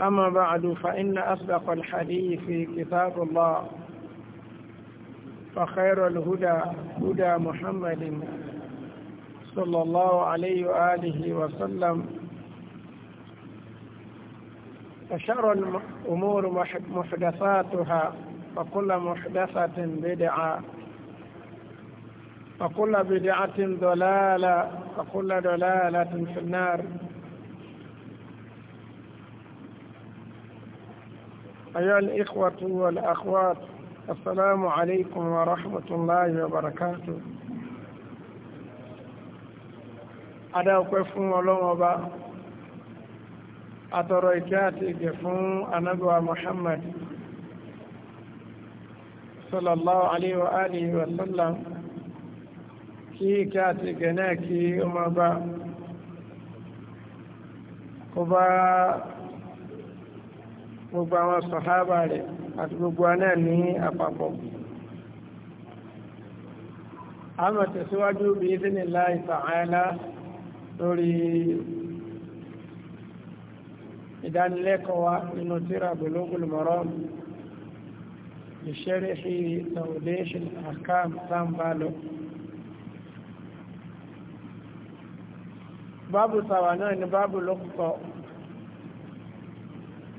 أما بعد فإن أصدق الحديث كتاب الله فخير الهدى هدى محمد صلى الله عليه وآله وسلم وشر الأمور محدثاتها وكل محدثة بدعة وكل بدعة ضلالة وكل ضلالة في النار أيها الإخوة والأخوات السلام عليكم ورحمة الله وبركاته adáwọ̀pẹ́ fún ọlọ́wọ́ bá àtọ̀rọ̀ ìkẹ́ àti ìgẹ̀ fún anábíwa Muhammad sallallahu alaihi wa alihi wa sallam kí ìkẹ́ àti ìgẹ̀ náà kí o máa bá kó bá gbogbo àwọn sọ̀hábà rẹ̀ àti gbogbo aná ní àpapọ̀. a mọ̀ tẹ̀síwájú bí i dínì láì ta'ala lórí ìdánilẹ́kọ̀ọ́ wa nínú tíra Bulughul Maram بشرح توضيح الأحكام تام بالو باب سوانا باب لقطة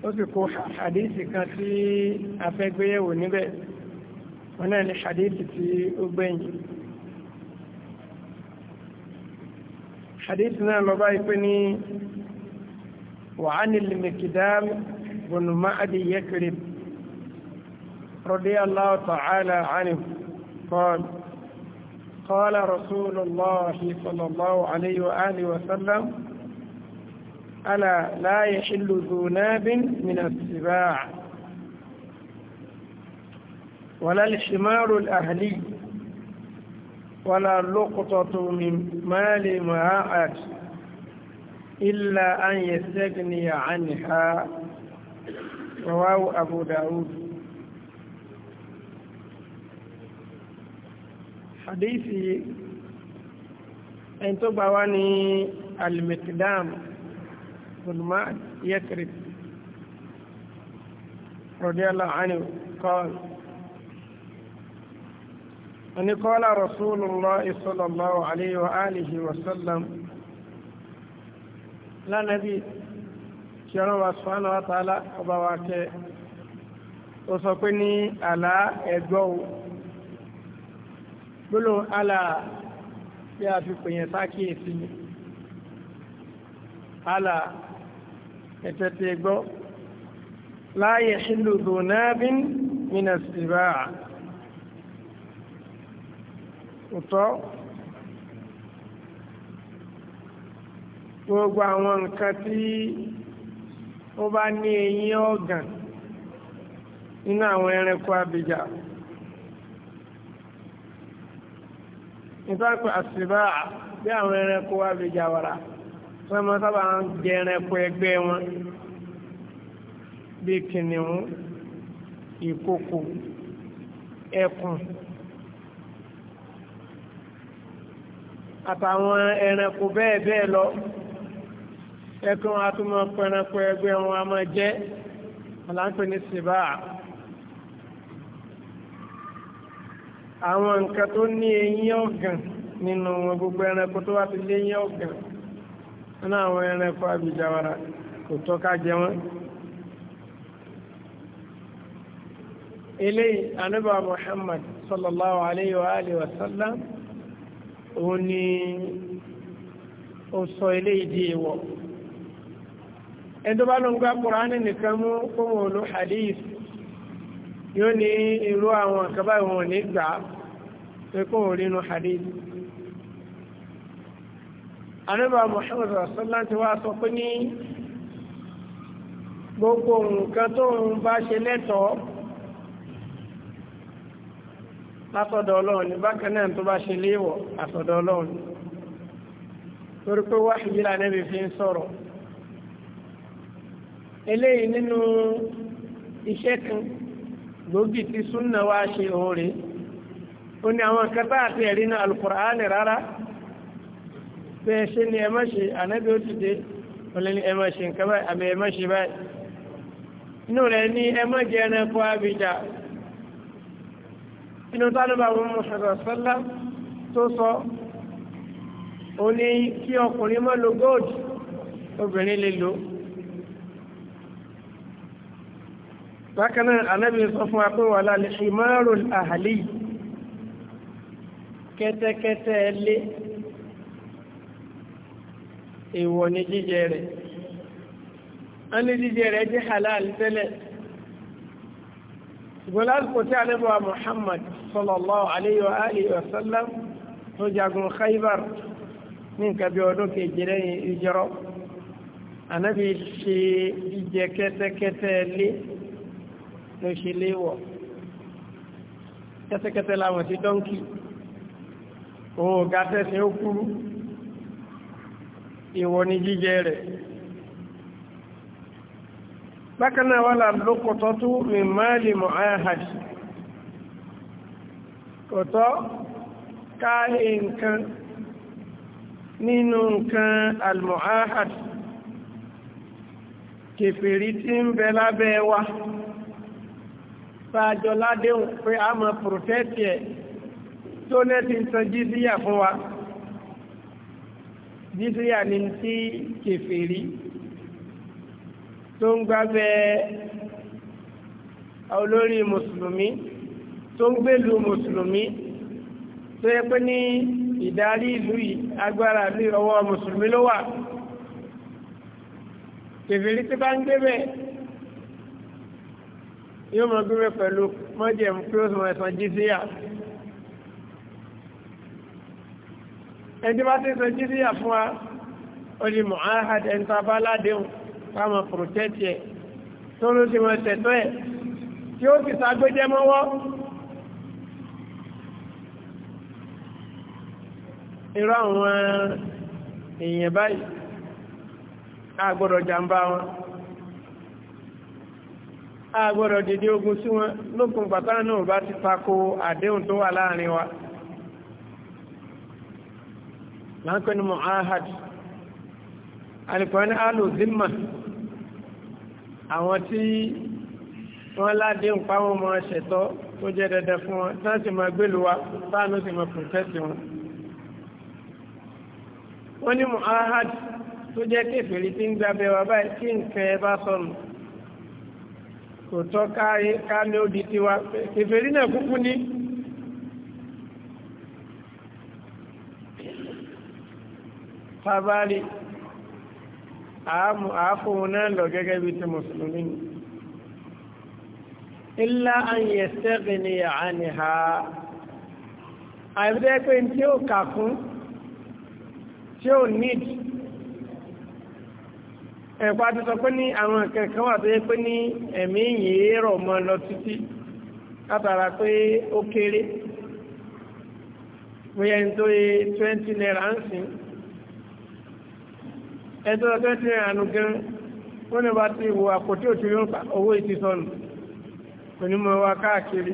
ó sì kó hadisi kan tí a fẹ́ gbéyẹ̀wò níbẹ̀ wọn náà ni hadisi tí ó gbẹ̀yìn hadisi náà lọ báyìí pé ní وعن المكدام بن معد يكرم رضي الله تعالى عنه قال قال رسول الله صلى الله عليه وآله وسلم ألا لا يحل ذو ناب من السباع ولا الحمار الأهلي ولا لقطة من مال معاعد إلا أن يستغني عنها رواه أبو داود حديثي أن تبواني المقدام سلمان يكرب رضي الله عنه قال أن قال رسول الله صلى الله عليه وآله وسلم لا نبي كان الله سبحانه وتعالى أبواك وسقني على الجو بلو على يا في قياسك على ẹ̀tẹ̀tẹ̀ gbọ́ láàyè ṣílù dùnábín nínú ìsìnbá ọ̀tọ̀ gbogbo àwọn nǹkan tí ó bá ní eyín ọ̀gàn nínú àwọn ẹranko abìjà nípa pé àṣìbá bí àwọn ẹranko abìjà wàrà wọ́n máa sábà ń jẹ ẹranko ẹgbẹ́ wọn bíi kìnìún ìkòkò ẹkùn àtàwọn ẹranko bẹ́ẹ̀ bẹ́ẹ̀ lọ ẹkùn atúmọ̀ pẹranko ẹgbẹ́ wọn a máa jẹ́ ọ̀làǹpẹ̀ ní sèbá àwọn nǹkan tó ní eyín ọ̀gàn nínú gbogbo ẹranko tó wá ti lé eyín ọ̀gàn nínú àwọn ẹranko abijawara, kò tọ́ka jẹ wọ́n. eléyìí anábà Muhammad sallallahu alayhi wa alihi wa sallam òun ni ó sọ eléyìí di èèwọ̀ ẹni tó bá ló ń gbá kùránì nìkan mú kóhùn olú hadith yóò ní irú àwọn àkàbà ìwọ̀n nígbà pé kóhùn rí inú hadith anábà Muhammad rasulullah ti wá sọ pé ní gbogbo nǹkan tó ń bá ṣe lẹ́tọ̀ọ́ látọ̀dọ̀ ọlọ́run ní bákan náà tó bá ṣe léèwọ̀ àtọ̀dọ̀ ọlọ́run torí pé wáṣí yìí lànàbì fi ń sọ̀rọ̀ eléyìí nínú iṣẹ́ kan gbòógì tí súnà wá ṣe òun ó ní àwọn kẹta àti ẹ̀rí náà alukur'ani rárá pé ṣe ni ẹ má ṣe ànábì ó ti dé ọlẹ́ ní ẹ má ṣe nǹkan báyìí àbí ẹ má ṣe báyìí inú rẹ̀ ní ẹ má jẹ ẹranko abidà inú tánúbà wọn mú sọ̀rọ̀ sọ́lá tó sọ ó ní kí ọkùnrin má lo góòdù obìnrin lè lò bákan náà sọ fún wa pé wà lálẹ́ ìmọ̀ràn àhàlì kẹ́tẹ́kẹ́tẹ́ lé èèwọ̀ ni jíjẹ rẹ̀ a ní jíjẹ rẹ̀ jẹ́ halal tẹ́lẹ̀ ṣùgbọ́n lásìkò tí alẹ́bọ̀ Muhammad sallallahu alayhi wa alihi wa sallam tó jagun Khaybar ní nǹkan bí ọdún kejì lẹ́yìn ìjọrọ ànábì ṣe jíjẹ kẹ́tẹ́kẹ́tẹ́ lé ló ṣe léwọ̀ kẹ́tẹ́kẹ́tẹ́ láwọn ti dọ́ńkì òun ò ga tẹ́sẹ̀ ó kúrú ìwọ ni jíjẹ rẹ̀ bákan náà wà lálùkọ̀tọ́ tó min máàlì mọ̀ ahad kọ̀tọ́ ká nǹkan nínú nǹkan almọ̀ ahad kèfèrí tí ń bẹ lábẹ́ wa sáàjọ pé a mọ̀ protẹ́tì ẹ̀ tó nẹ́tì dídúyà ni tí kèfèrí tó ń gbábẹ́ olórí mùsùlùmí tó ń gbèlú mùsùlùmí tó yẹ pé ní ìdarí ìlú yìí agbára ní ọwọ́ mùsùlùmí ló wà kèfèrí tí bá ń gbé yóò mọ̀ gbé bẹ́ẹ̀ pẹ̀lú mọ́jẹ̀mú pé ó sì mọ̀ ẹ̀sán jíṣẹ́yà. ẹni bá ti sọ jíríyà fún wa ó di mu'ahad ẹni tó bá ládéhùn fáwọn protect ẹ̀ tó ló ti mọ̀ tẹ̀tọ́ ẹ̀ tí ó ti sàgbéjẹ́ mọ́wọ́ irú àwọn èèyàn báyìí àgbọ̀dọ̀ jàmbá wọn àgbọ̀dọ̀ dìde ogun sí wọn lókun pàtàkì náà bá ti tako àdéhùn tó wà láàrin wa náà pẹ́ ní mu'ahad alìkọ́ni alùzimma àwọn tí wọ́n ládé ń pàwọn ọmọ ṣẹ̀tọ́ tó jẹ́ dandan fún wọn tán sì máa gbélù wa táànù sì máa pùtẹ́sì wọn wọ́n ní mu'ahad tó jẹ́ kéfèrè tí ń gbábẹ́ wa báyìí tí nǹkan ẹ bá sọnù kò tọ́ ká ní ó tiwa kéfèrè náà kúkú ní tábàárì àáfòun náà lọ gẹ́gẹ́ bí ti mùsùlùmí ni ilá ayẹ sẹ́gbẹ̀ ni àánì ha àìbẹ́dẹ́ pé tí ó kà fún tí ó need ẹ̀pá ti sọ pé ní àwọn kẹ̀kẹ́ wà tó yẹ pé ní ẹ̀mí yìí rọ̀ mọ́ lọ títí látara pé ó kéré bóyá ní tó yẹ 20 naira ń sìn ẹjọ́ ọjọ́ tí àánú gẹ́rún ó ní bá ti wo àpótí òtún pa owó ìtì sọnù kò ní mọ wa káàkiri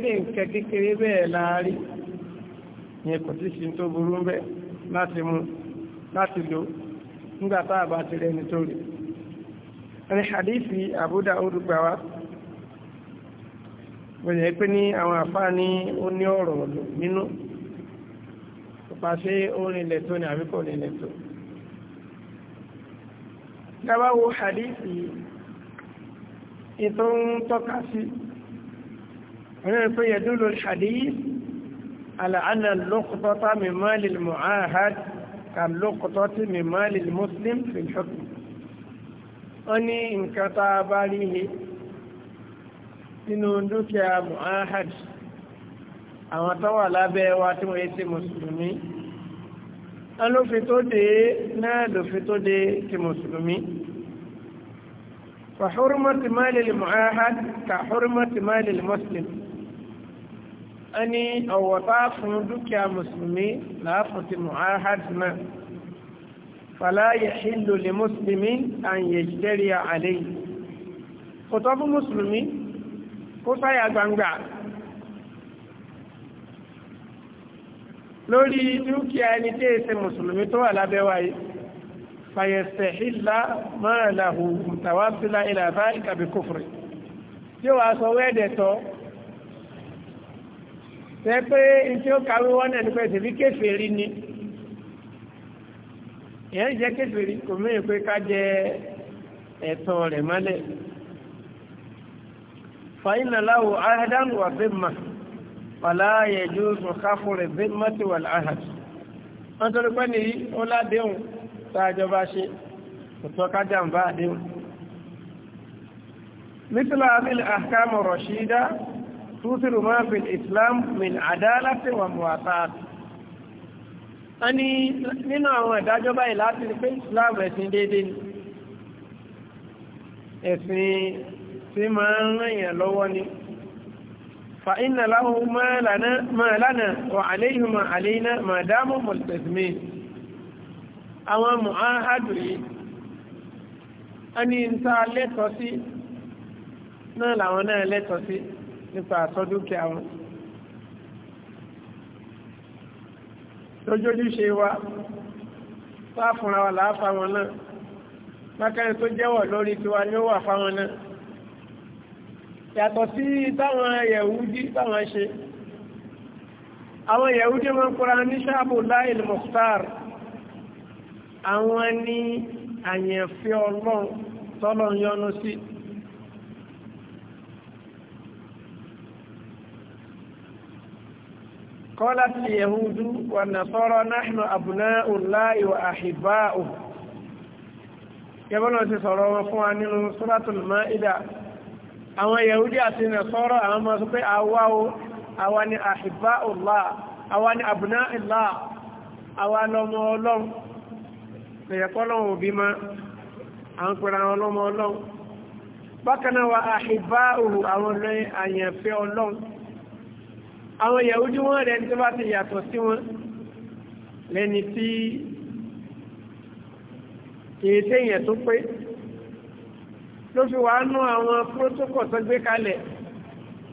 sí kékeré bẹ́ẹ̀ láàárí ní kò tó burú ń bẹ láti mú láti lò nígbà tá a bá ti rẹni tó rí ẹni hadithi Abu Daud gbà wọ́n yẹ pé ní gábáwo hadithi ìtò ń tọ́ka sí wọ́n pé yẹ̀dúlò hadith al'ana lókùtọ́ta mimali mu'ahad ka lókùtọ́ta mimali muslim fi hukm wọ́n ní nǹkan tá a bá rí he mu'ahad àwọn tó wà lábẹ́ wa tí wọ́n yé alófin tó dé náà lófin tó dé ti mùsùlùmí fàhúrúmọ́tì máìlì mu'ahad kàhúrúmọ́tì máìlì muslim a ní ọ̀wọ̀ tá fún dúkìá mùsùlùmí láàfún ti mu'ahad náà fàláyé ìlú lè mùsùlùmí àyè jẹ́rìí àlẹ́ kò tọ́ fún mùsùlùmí kó sáyà gbangba lórí dúkìá ẹni tí èsè mùsùlùmí tó wà lábẹ́ wa yìí fàyẹ̀sẹ̀ ìlà máa làhù mùtàwásílà ìlà bá ìkàbí kòfòrè tí ó wà sọ wẹ́ẹ̀dẹ̀tọ́ tẹ́ pé tí ó kàwé wọ́n náà nípa ìtẹ̀bí kèfèrí ni ìyẹn jẹ́ kèfèrí kò mẹ́rin pé ká jẹ ẹ̀tọ́ rẹ̀ mọ́lẹ̀ fàyínà láwù áhádánù wà bẹ́ẹ̀ máa fàlá yajuzu káfùrẹ̀ bímọ́tì wal ahad wọ́n torí pé ní ó ládéhùn tààjọba ṣe òtọ́ kájàmbá àdéhùn مثل هذه الأحكام الرشيدة توثر ما في الإسلام من عدالة ومواطاة أني nínú àwọn ìdájọ́ báyìí láti rí pé Islam ẹ̀sìn déédéé ni ẹ̀sìn tí máa ń ràn lọ́wọ́ ni فإن له ما لنا ما لنا وعليه ما علينا ما داموا ملتزمين àwọn mùáhádù yìí ẹni ń ta lẹ́tọ̀ọ́ sí náà làwọn náà lẹ́tọ̀ọ́ sí nípa àtọ́dúkẹ́ àwọn lójójúṣe wa sáà fúnra wà láàfà wọn náà bákan tó jẹ́wọ̀ lórí tiwa ni ó wà fáwọn náà yàtọ̀ sí táwọn yẹ̀wúdí táwọn ṣe àwọn yẹ̀wúdí wọn kúra ní ṣáàbù láìl mọ̀tàr àwọn ní àyẹ̀fẹ́ ọlọ́run tọ́lọ̀ yọ́nú sí قالت اليهود والنصارى نحن أبناء الله وأحباؤه يبنى سورة وفوانين سورة المائدة àwọn yahudi àti nàṣọ́rọ̀ àwọn máa sọ pé àwa o àwa ni àṣìbá ọ̀lá àwa ni àbùná ìlà àwa lọmọ ọlọ́run ẹ̀yẹ̀kọ́ lọ́wọ́ òbí ma àwọn pẹ̀lú àwọn ọlọ́mọ ọlọ́run bákanáà wa àṣìbá òhù àwọn lọ́yìn àyànfẹ́ ọlọ́run àwọn yahudi wọ́n ló fi wà nú àwọn protocol tó gbé kalẹ̀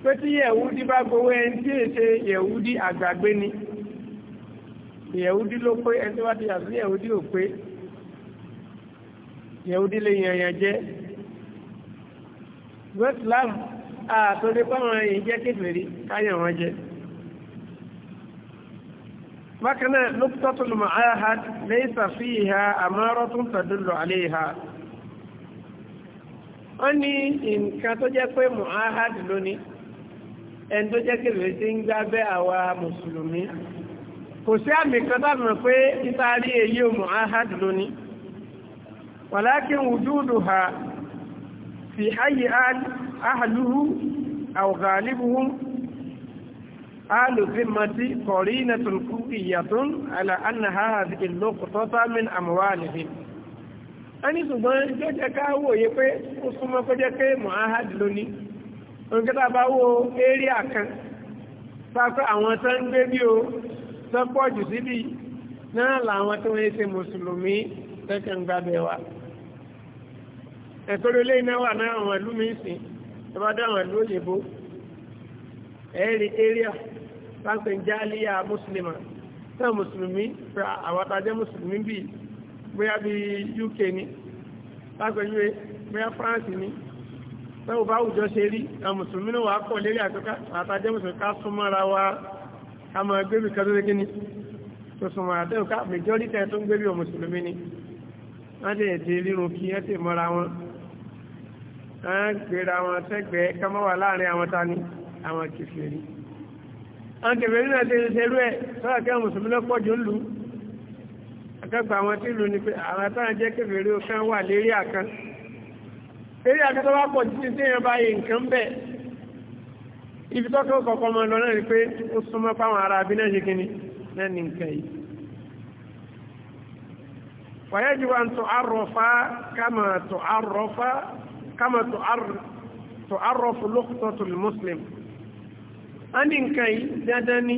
pé tí yẹ̀wúdí bá gbowó ẹni tí èsè yẹ̀wúdí àgbàgbé ni yẹ̀wúdí ló pé ẹni tí wá ti yàtọ̀ yẹ̀wúdí ò pé yẹ̀wúdí lè yànyàn jẹ́ wẹ́tìlámù àtòdé pàwọn èyí jẹ́ kéfèrí káyàn wọn jẹ́ bákan náà lókítọ́tùlùmọ̀ àyàhà lẹ́yìn sàfihà àmọ́rọ́ tó ń tàdúlù àléhà wọ́n ní nǹkan tó jẹ́ pé mu'ahad lónìí ẹni tó jẹ́ kébèrè tí ń gbábẹ́ àwa mùsùlùmí kò sí àmì kan tá mọ̀ pé nítarí èyí mu'ahad lónìí walakin wujuduha fi hayyi ahluhu aw ghalibuhum ahlu zimmati qarinatun qawiyatun ala anna hadhihi al-luqtata min a ní ṣùgbọ́n tó jẹ́ ká wòye pé ó súnmọ́ pé jẹ́ pé mohad lónìí òǹkẹ́ta bá wo éríà kan pápá àwọn tó ń gbé bí o tó pọ̀ jù síbi náà làwọn tó ń ṣe mùsùlùmí tẹ́kẹ̀ ń gbábẹ́ wa ẹ̀kọ́ lólé iná wà náà àwọn ìlú mi sìn tó dá àwọn ìlú òyìnbó ẹ̀rí éríà pápá ń jáàlíyà mùsùlùmí tó mùsùlùmí àwọn àtàjẹ́ mùsùlùmí bíi bóyá bí UK ní lágbẹ̀yúwé bóyá France ní pẹ́wọ́ bá àwùjọ ṣe rí àmùsùnmí náà wà pọ̀ lérí àtọ́ká àtàjẹ́ mùsùn ká súnmọ́ra wa ká mọ̀ gbébì kan tó lé kíní tó majority tó ń gbébì ni wọ́n ti ètè rírun kí ẹ́ sì mọ́ra wọn wọ́n gbéra wọn sẹ́gbẹ̀ẹ́ ká mọ́ wà láàrin àwọn tani àwọn kìfèrí àwọn kìfèrí náà ti ṣerú akẹ́gbà àwọn tí ìlú ni pé àwọn àtàrà jẹ́ kéfèrè ọkàn wà lérí àkán eré àkán tó bá pọ̀ títí tí èèyàn bá yẹ nǹkan bẹ̀ ibi tó kọ́ kọ́kọ́ mọ́ lọ náà ni pé ó súnmọ́ páwọn ará abí náà ṣe kíni náà ní nǹkan yìí wàyẹ́ ju wa tó arọ́fà kama tó arọ́fà kama tó arọ́fù lókùtọ̀ tó lè mùsùlùmí a ní nǹkan yìí dandan ni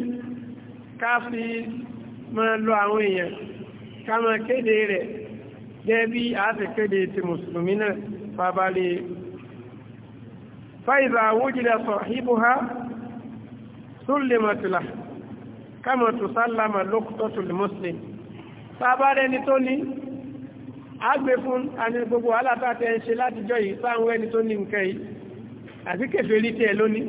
ká fi máa lo àwọn èèyàn ká máa kéde rẹ̀ gẹ́ bí a ti kéde ti mùsùlùmí náà bàbá lè fáìzà wójìlẹ̀ sọ híbù ha súnlẹ̀mọ̀tìlá kama tó sálámà lókútọ́tùlù mùsùlùm bàbá rẹ̀ ni tó ní agbè fún àni gbogbo alátàtẹ̀ ń ṣe látijọ́ yìí sáwọn ẹni tó ní nǹkan yìí àti kèfèrí tẹ̀ lónìí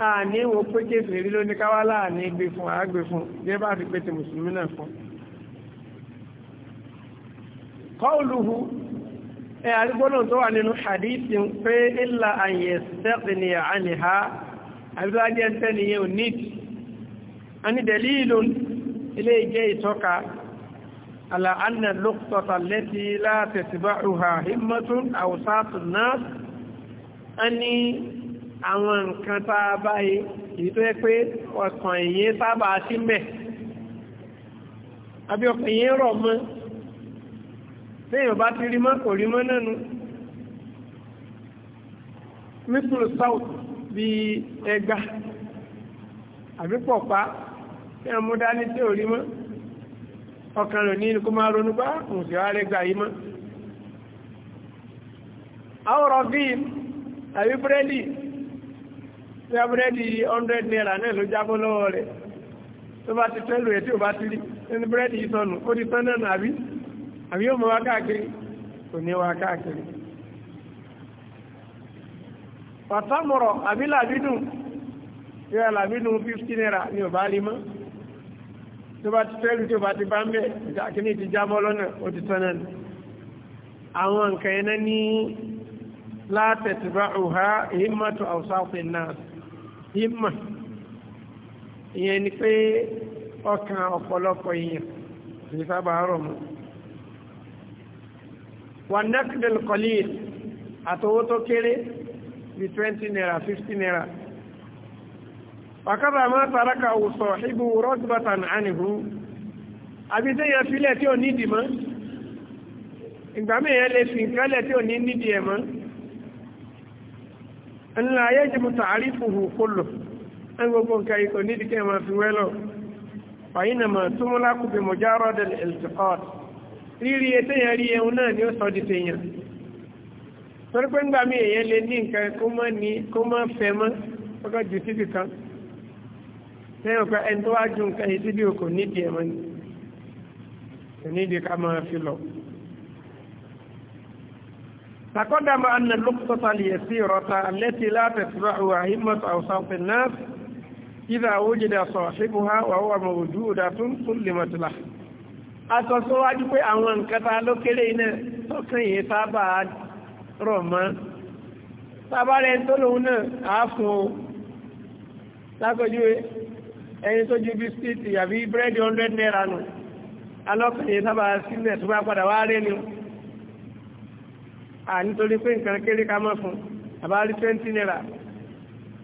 àní wo pé kéèsì rí lóní káwá láàní gbé fún àágbé fún jẹ́ bá fi pété mùsùlùmí náà fún. kọ́ọ̀lùhù ẹ àrígbónà tó wà nínú hadithi pé ìlà àyè sẹ́ẹ̀kì ni àní ha àbílájẹ́ ń tẹ́ni yẹn ò nídìí. a ní ilé ìjẹ́ ìtọ́ka على أن اللقطة التي لا تتبعها همة أو ساط الناس أني àwọn nǹkan tá a báyìí èyí tó yẹ pé ọkàn èyí sábà sí mẹ́ àbí ọkàn èyí rọ̀ mọ́ lẹ́yìn ọba ti rí mọ́ kò rí mọ́ nánu mísùlù south bí ẹgbà àbí pọ̀pá tí wọ́n mú dání tí ò rí mọ́ ọkàn rẹ̀ ní inú kó máa ronú bá òsì ah, àrẹ́gbà yìí mọ́ àwòrán bíi àbí búrẹ́dì tí a búrẹ́dì 100 naira náà ló jábọ́ lọ́wọ́ rẹ̀ tó bá ti tẹ́lù ẹ̀ tí ò bá ti rí ẹni búrẹ́dì ìsọnù ó ti tán náà àbí àbí yóò mọ wá káàkiri kò ní wá káàkiri. pàtàmọ̀rọ̀ àbí làbídùn yóò làbídùn 50 naira ni ò bá rí mọ́ tó bá ti tẹ́lù tí ò bá ti bá ń bẹ̀ ìdákiní ti jábọ́ lọ́nà ó ti tán náà àwọn nǹkan yẹn ní látẹ̀tìbá òhá èyí mọ́tò àwùsáfin náà ìmọ̀ ìyẹn ni pé ọkàn ọ̀pọ̀lọpọ̀ èèyàn ní sábà rọ̀ mọ́ wà nẹ́kìdìl kọlíl àtowó tó kéré bí 20 naira 50 naira wàkàtà máa tàràkà òsọ̀ ìbú rọ́gbàtàn ànìhù àbí tẹ́yàn fílẹ̀ tí ò nídìí mọ́ ìgbàmí èèyàn lè fi nǹkan lẹ̀ tí ò ní nídìí ńlá ayé jìbù tààrífùhù kólò ẹn gbogbo nǹkan ikò ní ìdíkẹ́ máa fi wẹ́lọ̀ fàyínà máa túnmọ́lá kù bí mọ̀járọ̀ del eltiqat rírí ẹsẹ̀ yẹn rí ẹun náà ni ó sọ di tèèyàn torí pé ńgbà mí èèyàn lè ní nǹkan kó má fẹ́ mọ́ ọkọ̀ jù síbi kan lẹ́yìn ọ̀pẹ ẹni tó wá ju nǹkan yìí síbi òkò nídìí ẹ̀ nídìí ká máa fi lọ. تقدم أن اللقطة اليسيرة التي لا تتبعها همة أو صوت الناس إذا وجد صاحبها وهو موجودة سلمت له àtọ̀sọ́wájú pé àwọn nǹkan ta ló kéré iná tọ́kàn yìí sábà rọ̀ mọ́ sábà rẹ̀ tó lòun náà á fún o lákọjú ẹni 100 náírà nù alọ́kàn yìí sábà sílẹ̀ tó A nítorí pé nǹkan kéré ká mọ́ fún àbá rí naira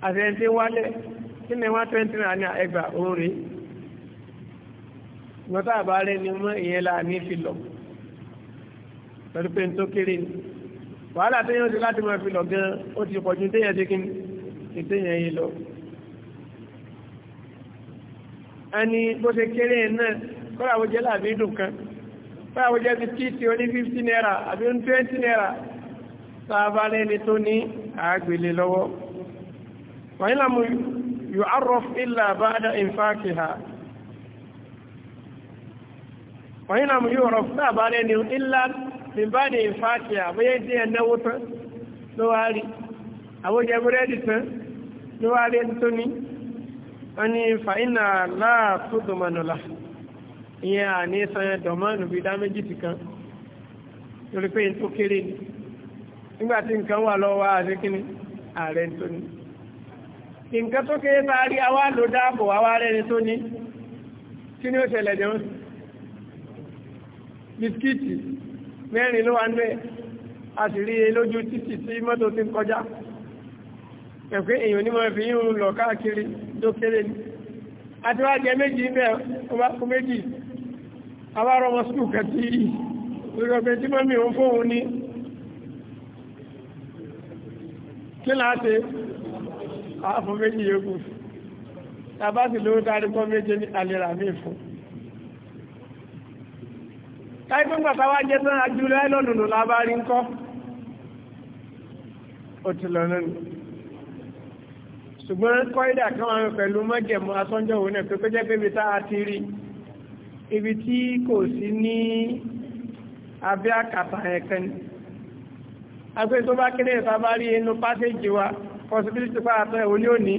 àtẹ̀yìntì wálẹ̀ kí ni wọ́n twenty naira ní ẹgbà òun rèé ìgbọ́tà àbá ni mọ́ ìyẹn là ní fi lọ pẹ̀lú pé n tó kéré ni wàhálà tó yẹn ti láti máa fi lọ gan ó ti pọ̀jù téèyàn ti kí ni téèyàn yìí lọ. ẹni bó ṣe kéré náà kọ́ra àwòjẹ́ làbí dùn kan kọ́ra àwòjẹ́ ti tíì tí ó ní fifty naira àbí 20 naira sábà ni tó ní àgbèlè lọ́wọ́ wọ́n yìí lámú yóò arọ́f ilà bàdà ìfáàkì ha wọ́n yìí lámú yóò rọ́f sábà lẹ́ni ilà bàdà ìfáàkì ha bóyá ìdí ẹ̀ náwó tán ló wá rí àwòjẹ búrẹ́dì tán ló wá rí ẹni tó ní wọ́n ní fàínà láàtú dùmọ̀nùlá ìyẹn àní sanyẹ dọ̀mọ́nù bíi dá méjì ti torí pé n tó kéré ni nígbà tí nǹkan wà lọ́wọ́ àti kíní ààrẹ tó ní nǹkan tó kéré tá a rí awá ló dáàbò awá rẹni tó ní kí ni ó ṣẹlẹ̀ jẹun bisikíìtì mẹ́rin ló wà ń bẹ́ẹ̀ a sì rí e lójú títì tí mọ́tò ti ń kọjá ẹ̀pẹ́ èèyàn ní mọ́ fi ń lọ káàkiri tó kéré ni àti wá jẹ méjì ń bẹ́ẹ̀ ó bá kú méjì a bá rọmọ sùkúù kẹtì rí ọgbẹ́ tí mọ́mí òun fóun ní kí láti àfún méjì yóò tàbá sì lówó tàbí pọ́ méjì ní àlèrà mí fún káìpín pàtàwà jẹ́ tán ajúlẹ̀ ẹlọ́nùnù lábárí ń kọ́ ó ti lọ lónìí ṣùgbọ́n kọ́ ìdà kan wọn pẹ̀lú mọ́jẹ̀mú asọ́njọ́ òun náà pé kó jẹ́ ti rí ibi tí kò sí ní abẹ́ àkàtà ẹ̀kan àgbẹ̀ tó bá kéré ìta bá rí inú pásẹ́jì wa possibility fún àtọ́ ẹ̀wọ̀n ní òní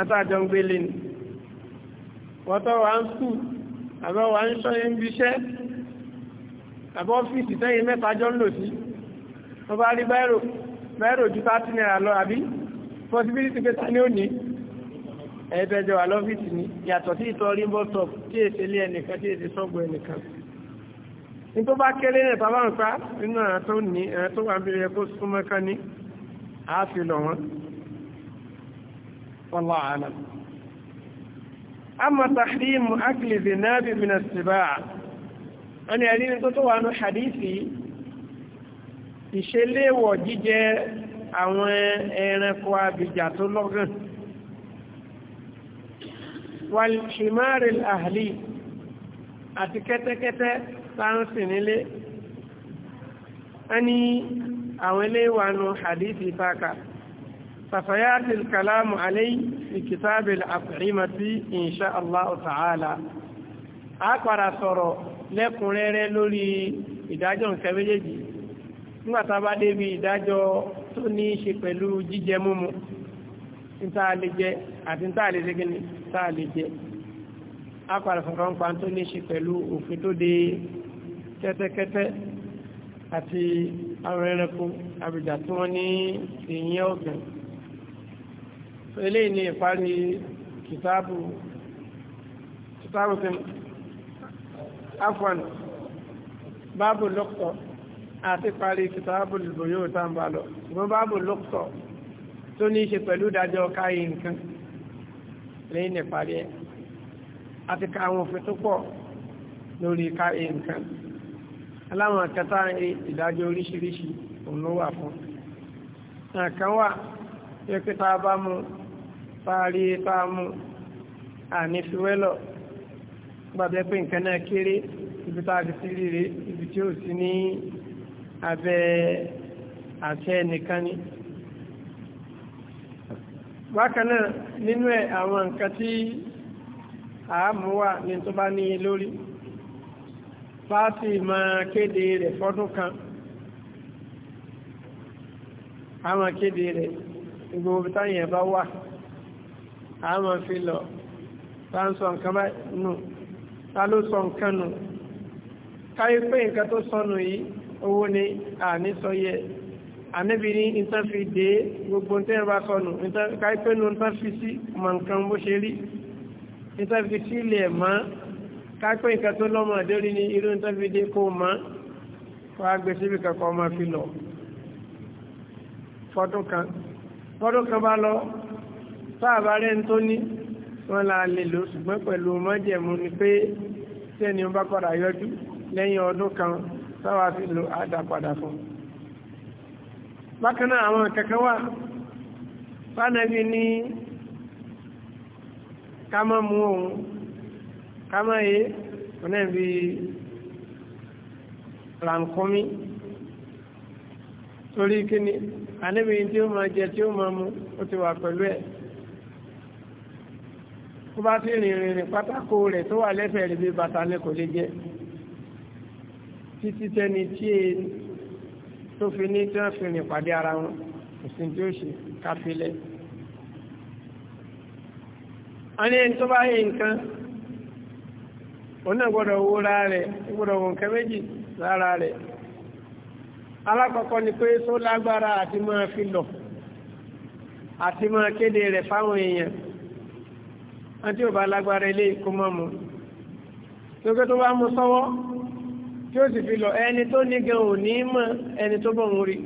àtàjọ ń gbélé ni wọ́tọ́ wà ń sùn àbọ̀ wà ń sọ ibi iṣẹ́ àbọ̀ ọ́fíìsì sẹ́yìn mẹ́ta jọ ń lò sí tó bá rí bẹ́rò bẹ́rò ju tátí náírà lọ àbí possibility pé ta ní òní ẹ̀ẹ́dẹ́jọ wà lọ́fíìsì ni yàtọ̀ sí ìtọ́ rí bọ́tọ̀ tí èsèlé ẹnìkan tí èsè sọ́gbọ̀ ẹnìkan ní tó bá kéré náà tàbá ń pa nínú àwọn tó ní àwọn tó wà ń bèrè kó súnmọ́ kan ní àáfi lọ wọn wallahu a'lam amma tahrimu akli zinabi min as-sibaa wọ́n ní ẹ̀rí ní tó tó wà ní hadithi wal ahli àti kẹ́tẹ́kẹ́tẹ́ sáńsì nílé ẹni àwọn eléwà nù hadith ìfàkà sàfàyàtì kàlámù alẹ́ ìkìtàbí àfihìmàtí insha Allah ta'ala a padà sọ̀rọ̀ lẹ́kùnrẹ́rẹ́ lórí ìdájọ́ nǹkan méjèèjì nígbàtà bá débi ìdájọ́ tó ní í ṣe pẹ̀lú jíjẹ múmu níta lè jẹ àti níta lè ṣe kíni níta lè jẹ a padà kẹ́tẹ́kẹ́tẹ́ àti àwọn ẹranko àbìjà tí wọ́n ní ìyẹn ọ̀gbìn eléyìí ni ìparí kìtáàbù kìtáàbù tí afwan báàbù lọ́kọ̀ọ́ àti parí kìtàbù lùbò yóò tàbà lọ ṣùgbọ́n báàbù lọ́pọ̀ tó ní ṣe pẹ̀lú dájọ́ káyí nǹkan lẹ́yìn ìparí ẹ̀ àti káwọn òfin tó pọ̀ lórí káyí nǹkan aláwọn akẹta ìdájọ́ oríṣiríṣi òun ló wà fún nǹkan wà yóò pé tá a bá mú tá a rí tá a mú àní fiwẹ́lọ̀ gbàgbé pé nǹkan náà kéré ibi tá a ti sí rírè ibi tí ó sí ní abẹ́ àṣẹ nìkan ni bákan náà nínú ẹ̀ àwọn nǹkan tí àámú wà ní tó bá níye lórí fásì máa kéde rẹ̀ fọ́dún kan a máa kéde rẹ̀ gbogbo táyẹ̀ bá wà a máa fi lọ bá ń sọ nǹkan bá nù ta ló sọ nǹkan nù káyé pé nǹkan tó sọnù yìí owó ni àní sọ yẹ àníbi ní nǹkan fi dé gbogbo nǹkan bá sọnù káyé pé nù nǹkan fi sí mọ̀ nǹkan bó ṣe rí nǹkan fi sílẹ̀ mọ́ kápẹ́ nǹkan tó lọ́mọ àdérí ní irú tó fi dé kó mọ́ wàá gbé síbi kankan ọmọ fi lọ fọdún kan fọdún kan bá lọ sáàbà rẹ̀ ń tó ní wọ́n la lè lò ṣùgbọ́n pẹ̀lú mọ́jẹ̀mú ni pé tẹ́ni ó bá padà yọjú lẹ́yìn ọdún kan sáwà fi lò àdá padà fún bákan náà àwọn kẹ̀kẹ́ wà fánàbí ní ká mọ́ mú òun kama ye ona bi rankomi torí kíni ànábi tí ó máa jẹ tí ó máa mu ó ti wà pẹ̀lú ẹ̀ kó bá ti rìn rìn rìn pátákó rẹ̀ tó wà lẹ́fẹ̀ẹ́ rẹ̀ bí bàtà ni kò lè jẹ títí tẹni tí e tó fi ní tí wọ́n fi rìn pàdé ara wọn kò tí ó ṣe káfílẹ̀. a ní ẹni tó bá yẹ nǹkan òun náà gbọ́dọ̀ wo ra rẹ̀ gbọ́dọ̀ wo nǹkan méjì lára rẹ̀ alákọ̀ọ́kọ́ ni pé só lágbára àti máa fi lọ àti máa kéde rẹ̀ fáwọn èèyàn wọn tí ò bá lágbára ilé kó mọ́ mu tókè tó bá mú sọ́wọ́ tí ó sì fi lọ ẹni tó ní gan ò ní mọ̀ ẹni tó bọ̀ ń rí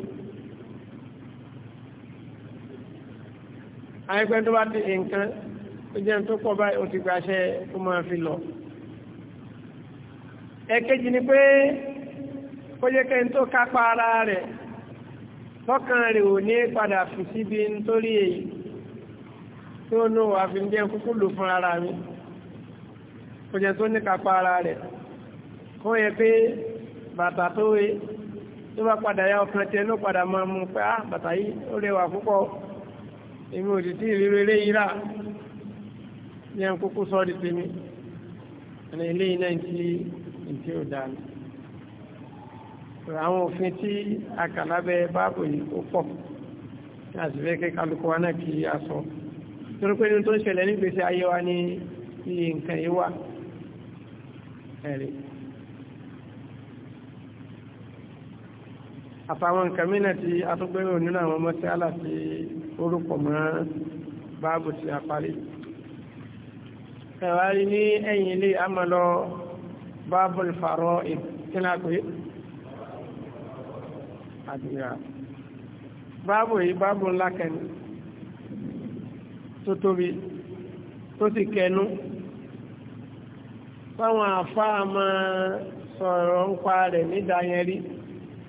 àyẹ̀pẹ́ tó bá ti nǹkan ó jẹun tó pọ̀ báyìí ó ti gbàṣẹ kó máa fi lọ ẹ̀kejì ni pé ó yẹ kẹ́ ń tó kápá ara rẹ̀ tọ́kàn rẹ̀ ò ní padà fi síbi nítorí èyí tí ó nù wà fi ń jẹ́ kúkú lò fún ara mi ó jẹ́ tó ní kápá ara rẹ̀ kó yẹ pé bàtà tó wé tó bá padà yá ọkàn tiẹ̀ ló padà máa mú pé á ah, bàtà yìí ó rẹwà púpọ̀ èmi ò sì tí ìrírí eléyìí rà ní ẹnkúkú sọ́ọ́ di tèmi òdì tí ò dáa àwọn òfin tí akàlábẹ́ báàbò yìí ó pọ̀ láti fẹ́ kí kálukú wa náà kí a sọ torí pé ní tó ń ṣẹlẹ̀ nígbèsè ayé wa ní iye nǹkan yìí wà àtàwọn nǹkan mìíràn tí a tó gbẹ́rẹ̀ nínú àwọn ọmọ tí àlà ti orúkọ mọ́ báàbò tí a parí ẹ̀wà ní ẹ̀yìn ilé àmọ́ lọ báàbùl fàrọ́ ìtìlápé àdìyà báàbù yìí báàbù ńlá kẹni tó tóbi tó sì kẹnu fáwọn àfáà máa sọ̀rọ̀ ń pa rẹ̀ nídàáyẹrí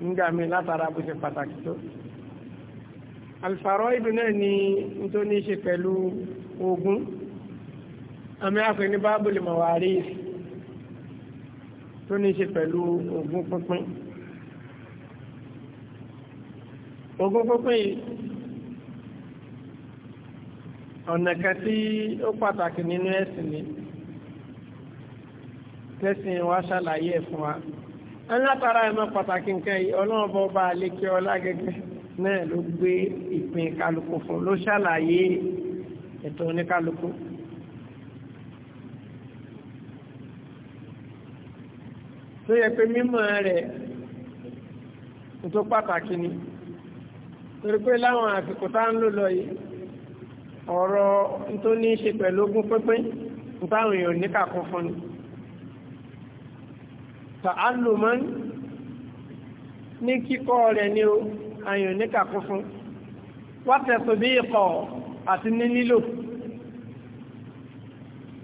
nígbà mi látara bó ṣe pàtàkì tó alfàrọ́ ìdù náà ni tó ní ṣe pẹ̀lú ogun àmì àpẹ ní báàbùl màwárí yìí tó ní ṣe pẹ̀lú ogún pínpín ogún pínpín yìí ọ̀nà kan tí ó pàtàkì nínú ẹ̀sìn ni tẹ́sìn wa ṣàlàyé ẹ̀ fún wa alátara ẹ̀mọ́ pàtàkì nǹkan yìí ọlọ́run bọ́ bá lékè ọlá gẹ́gẹ́ náà ló gbé ìpín kálukú fún ló ṣàlàyé ẹ̀tọ́ oníkálukú. tó yẹ pé mímọ̀ rẹ̀ tó pàtàkì ni torí pé láwọn àsìkò tá ń lò lọ yìí ọ̀rọ̀ tó ní í ṣe pẹ̀lú ogún pínpín táwọn èèyàn ní kàkún fún ni tààlùmọ́n ní kíkọ́ rẹ̀ ni o àyàn ní kàkún fún wọ́n tẹ̀sùn bí ikọ̀ àti ní lílò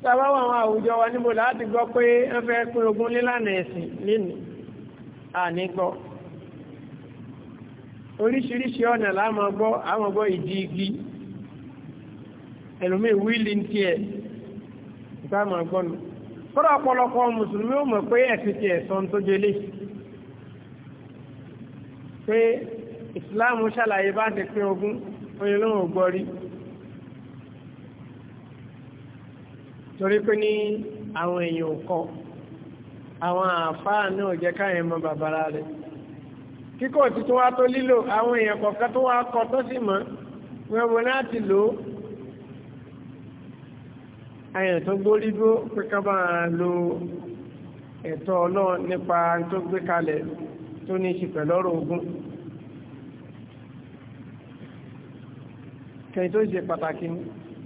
tàbá wà àwọn àwùjọ wa níbo láti gbọ́ pé wọ́n fẹ́ pín ogún nílànà ẹ̀sìn lẹ́nu àní gbọ́ oríṣiríṣi ọ̀nà láàmọ́ gbọ́ àwọn gbọ́ ìdí igi ẹlòmíì wíìlì ń tiẹ̀ ìbámọ̀ gbọ́nu kọ́dọ̀ ọ̀pọ̀lọpọ̀ mùsùlùmí ó mọ̀ pé ẹ̀sìn tiẹ̀ sọ́n tó jẹlé pé ìsìláàmù ṣàlàyé bá ti pín ogún oyin lóhùn gbọ́rí torí pé ní àwọn èèyàn kọ àwọn àfáà náà jẹ́ káyẹ̀ mọ́ bàbára rẹ̀ kíkọ́ tí tó wá tó lílò àwọn èèyàn kọ̀ọ̀kan tó wá kọ tó sì mọ́ wọn wọn láti lò ó àyàn tó gbórí dúró pé ká bá lo ẹ̀tọ́ ọlọ́run nípa tó gbé kalẹ̀ tó ní ṣe pẹ̀lú ọ̀rọ̀ ogun kẹ́yìn tó ṣe pàtàkì ni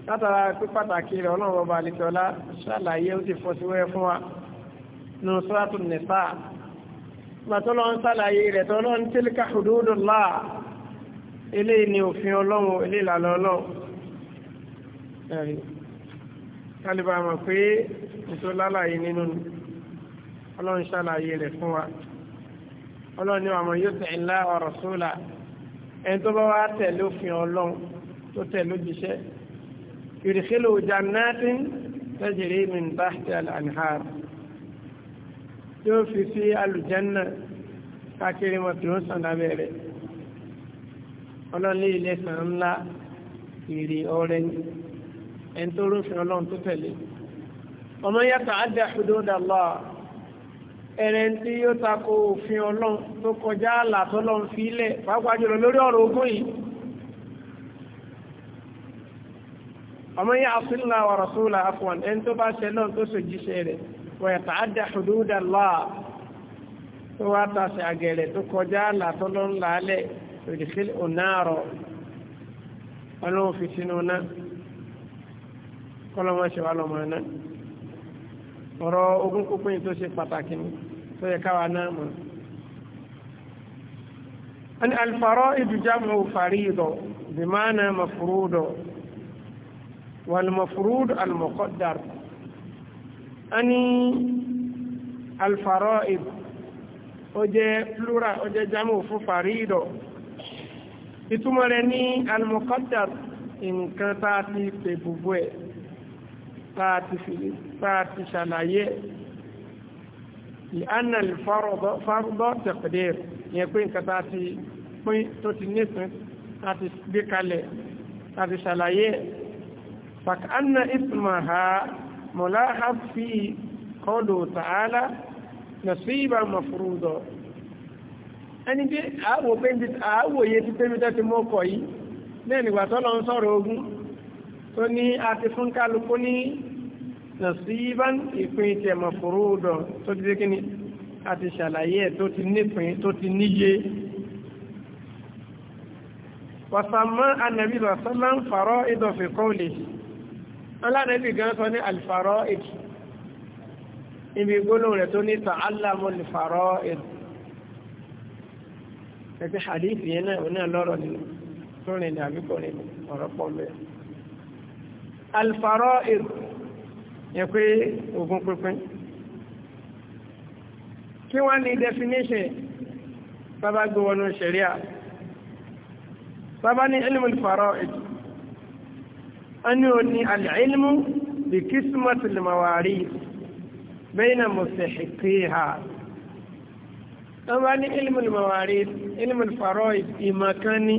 látara pípàtàkì rẹ̀ ọlọ́run ọba àlejòọlá ṣàlàyé ó ti fọ́síwẹ́ fún wa nù sọ́ràtù nìsá gbàtọ́lọ́ ń ṣàlàyé rẹ̀ tọ́lọ́ ń tilka hududullah eléyìí ni òfin ọlọ́run eléyìí lànà ọlọ́run kálíbà mọ̀ pé ètò lálàyé nínú ọlọ́run ṣàlàyé rẹ̀ fún wa ọlọ́run ni àmọ́ yóò tẹ̀ ńlá ọ̀rọ̀ sólà ẹni tó bá wá tẹ̀lé òfin ọlọ́run tó tẹ̀lé òjíṣẹ́ يدخله جنات تجري من تحت الأنهار yóò fi sí alùjẹ́nà káàkiri wọn tí ó sàn lábẹ́ rẹ̀ ọlọ́lé ilé sàn ńlá ìrì ọrẹ ni ẹni tó rúfin ọlọ́run tó tẹ̀lé ọmọ yàtọ̀ àdá ṣùdọ́dà lọ ẹ̀rẹ̀ tí yóò tako òfin ọlọ́run tó kọjá àlà tọ́lọ́run fílẹ̀ pàápàá jùlọ lórí ọ̀rọ̀ ogún yìí ọmọ yẹn asúlá wa rasúlá afwan ẹni tó bá ṣe náà tó ṣòjíṣẹ́ rẹ̀ wọ́n yẹ tààdà hudúdà láà tó wá tàṣẹ àgẹ̀rẹ̀ tó kọjá látọ́lọ́ ńlálẹ̀ òdìsíl onáàrọ̀ ọlọ́run fi sínú náà kọ́lọ́mọ́ ṣe wá lọ́mọ náà ọ̀rọ̀ ogún pínpín tó ṣe pàtàkì ni tó yẹ káwa náà mọ̀ ani alfarọ́ ìdújàmù fàrídọ̀ bìmánà mafurúdọ̀ والمفروض المقدر أني الفرائض أجي بلورا أجي جمع فريدو ìtumọ̀ rẹ̀ ní al-muqaddar nǹkan táà ti pè gbogbo ẹ̀ táà ti ṣàlàyé ìhánà ìfárọ́dọ́ tẹ̀kọ̀dẹ̀ yẹn pé nǹkan táà ti pín tó ti nísìn láti gbé kalẹ̀ láti ṣàlàyé فكأن اسمها ملاحظ في قوله تعالى نصيبا مفروضا ẹni tí àwò pẹ́ntì àwòye tí tẹ́mítẹ́ ti mọ́ kọ̀ yìí lẹ́yìn ìgbà tọ́lọ ń sọ̀rọ̀ ogun tó ní a ti fún kálukú ní nasiban ìpín ti ẹ̀mọ̀ fòrúdọ̀ tó ti dé kíni a ti ṣàlàyé ẹ̀ tó ti nípín tó ti níye wàsàmọ́ anàbí lọ́sọ́lá ń fàrọ́ ìdọ̀fẹ́ alánàbì gan sọ ní alifàrọ́ èdè ibi gbólóhùn rẹ̀ tó ní ta'allamu alifàrọ́ èdè ẹ̀tí hadith yẹn náà ní ọlọ́rọ̀ nínú tó rìn dàbí kò rìn ọ̀rọ̀ pọ̀ mẹ́ alifàrọ́ èdè yẹ pé ogún pínpín kí wọ́n ní definition bàbá gbé wọnú ṣẹ̀ríà bàbá ní ilmul fara'id ẹni o ní alìílmù bí kìsímọ̀tì lèmọ̀wárí bẹ́ẹ̀nà mùsùlùmí wọ́n bá ní ilmù lèmọ̀wárí ilmù fàrọ̀ ìmọ̀kánni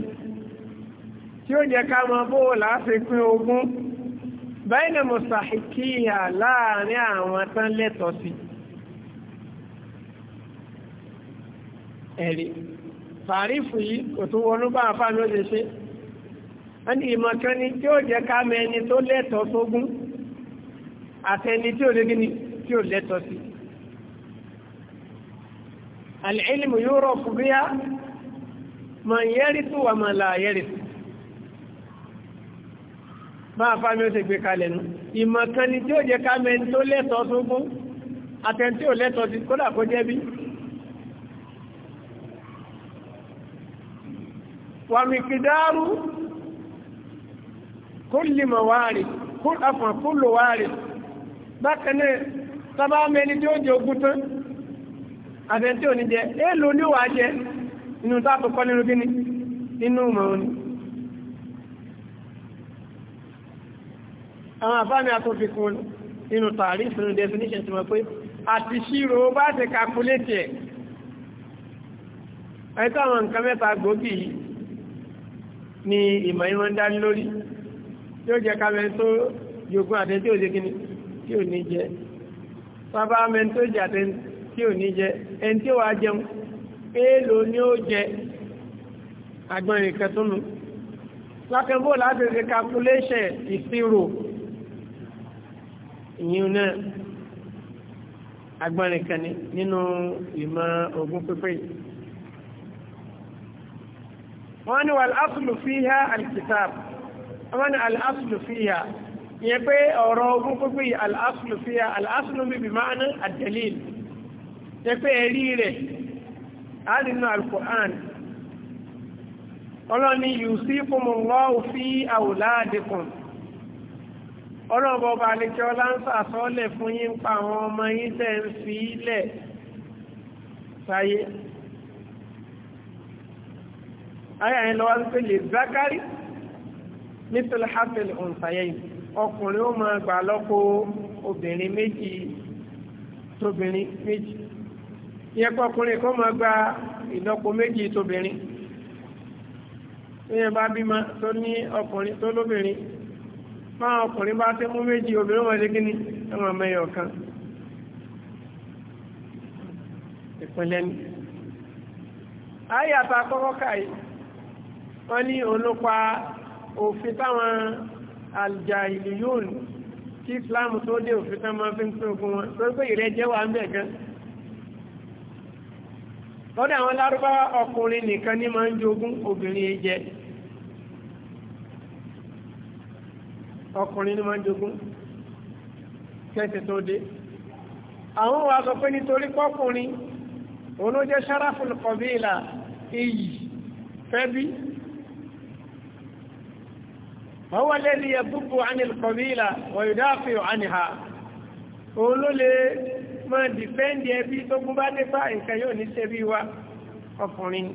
tí ó jẹ́ ká mọ bó láàfikún ogún bẹ́ẹ̀nà mùsùlùmí láàrin àwọn tán lẹ́tọ̀ọ́ sí ẹ̀rí fàrífù yìí kò tó wọnú bá àfáà ló ṣe ẹni ìmọ̀kan ni tí ó jẹ́ ká mọ ẹni tó lẹ́tọ̀ọ́ sógún àtẹni tí ó lẹ́gbẹ́ ni tí ó lẹ́tọ̀ọ́ sí. al-ilmu yurafu biha man yarithu wa man la yarithu. bá a fáwọn ọ̀sẹ̀ gbé kalẹ̀ nu ìmọ̀kan ni tí ó jẹ́ ká mọ ẹni tó lẹ́tọ̀ọ́ sógún àtẹni tí ó lẹ́tọ̀ọ́ sí kódà kó jẹ́ bí. wa miqdaru kulli mawari kul afan kullu wari bákan náà sábà mẹni tí ó jẹ ogún tán àfẹn tí ò ní jẹ èèlò ní wàá jẹ inú tá a tó kọ́ nínú kíní inú màá ni. àwọn àfáàmì àtòfikún nínú tààrí ìsinú definition ti mọ̀ pé àti ṣírò ba ti kàkúlétì ẹ̀ ẹ̀tọ́ àwọn mẹ́ta gbòógì ni ìmọ̀ ìwọ̀n dá lórí tí ó jẹ kámẹ́ tó jogún àtẹ tí ò jẹ kíni tí ò ní jẹ bàbá amẹ́ tó jẹ àtẹ tí ò ní jẹ ẹni tí ó wàá jẹun èèlò ni ó jẹ àgbọn ìrìnkẹ tó nu lákẹ́bó láti ṣe calculation ìṣirò ìyẹn náà àgbọn ìrìnkẹ ni nínú ìmọ̀ ogún pípẹ́ wọ́n ní wàl fi ha alkitab wọ́n ní al-aslu fiha ìyẹn pé ọ̀rọ̀ ogún pípé al-aslu fiha al-aslu bíbí máa ní ad-dalil ìyẹn pé ẹ̀rí rẹ̀ á nínú al-Qur'an ọlọ́ni yusikumullahu fi awladikum ọlọ́ọ̀bọ̀ ọba alẹ́kẹ́ ọlá ń sàsọ́ọ́lẹ̀ fún yín pa àwọn ọmọ yín tẹ́ ń fi ilẹ̀ sáyé ayé àyìn lọ́wọ́ pé lè zákárì nítorí hafil ọ̀nfàyẹ́yìn ọkùnrin ó máa gbà lọ́pọ̀ obìnrin méjì tóbìnrin méjì yẹ ọkùnrin kó máa gba ìlọ́po méjì tóbìnrin yẹn bá bímọ tó ní ọkùnrin tó lóbìnrin máa ọkùnrin bá ti mú méjì obìnrin wọn ṣe ẹ máa mẹyọ kan ìpínlẹ̀ ni. ayé àtàkọ́kọ́ ka wọ́n ní olópa òfin táwọn aljahiliyun tí islam tó dé òfin tán máa fi ń pín ogun wọn tó pé ìrẹ́jẹ wà ń bẹ̀ gan lọ́dọ̀ àwọn lárúbáwá ọkùnrin nìkan ní máa ń jogún obìnrin jẹ ọkùnrin ní máa ń jogún kẹsẹ̀ tó dé àwọn wa sọ pé nítorí pọ́kùnrin òun ló jẹ́ sáràfù kọ̀bíìlà iyì fẹ́bí fọwọ́ lẹ́ni ẹ̀bùbù anìlkọ̀mílà wọ̀yọ̀dáfíò àníhà òun ló lè mọ́ dìpẹ́ndì ẹbí tó gún bá nípa nǹkan yóò ní ṣe bí wá ọkùnrin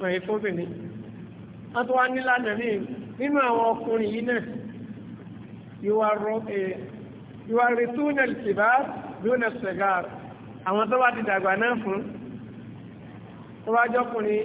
wọ̀nyí fóbìnrin wọ́n tó wá nílànà míì nínú àwọn ọkùnrin yìí náà ìwà rìtúnà ìtìbá lónà sẹ̀gáà àwọn tó wá ti dàgbà náà fún tó wá jọkùnrin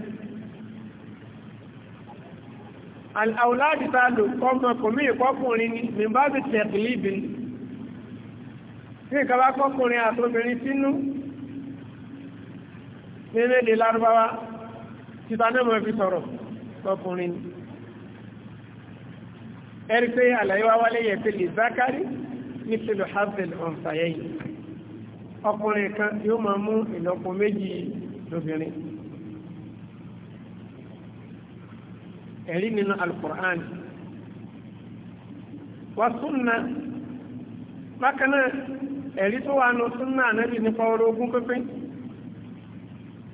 àwòláàdì tá lò kọ́mọ kòmí ìkọ́kùnrin ni mìíràn bí tẹ̀kìlìbì ní ìkàbá kọ́kùnrin àtòbìnrin sínú nílé lárúbáwá títà náà mọ̀ fi sọ̀rọ̀ kọ́kùnrin ni ẹ̀rí pé àlàyé wá wálé yẹ pé lè zákàrí ní pẹ̀lú hazel ọ̀sàyẹ́yìn ọkùnrin kan yóò máa mú ìlọ́po méjì lóbìnrin ẹ̀rí nínú alukur'an wa sunna bákan náà ẹ̀rí tó wà nù sunna ànábì nípa ọ̀rọ̀ ogún pínpín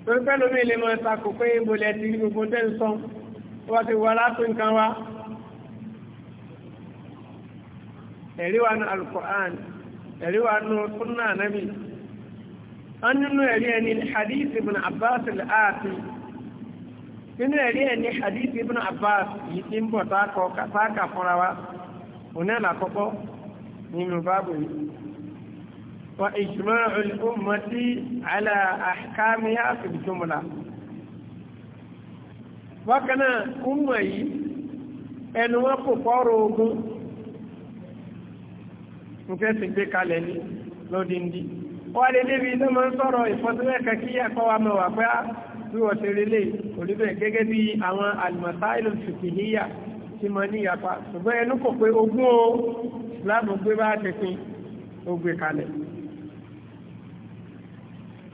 pínpín lómi ilé mọ́ ẹ̀ta kò pé ìbòlẹ̀ ti rí gbogbo tẹ́ ń sọ wọ́n ti wọ́n látó nǹkan wa ẹ̀rí wà nù alukur'an ẹ̀rí wà nù sunna ànábì. an nínú ẹ̀rí ẹni hadith ibn abbas al-aati nínú ẹ̀rí ẹ̀ ní ibn abbas yìí ti ń bọ̀ táàkọ kàtàkà fúnra wa òun nínú yìí wa ijma'ul ummati ala ahkamiha fil jumla bákan náà ummah yìí ẹnu wọn kò ogun nke ti gbé kalẹ̀ ní lódindi wọ́n lè débi iná máa ń sọ̀rọ̀ ìfọ́sílẹ̀ kẹ́kí ẹ̀kọ́ bí wọ́n ṣe relé olùbẹ̀ gẹ́gẹ́ bí àwọn almasailu fìkìhíyà tí mo ní ìyapa ṣùgbọ́n ẹnu kò pé ogún o Islam gbé bá tẹ̀sìn ó gbé kalẹ̀.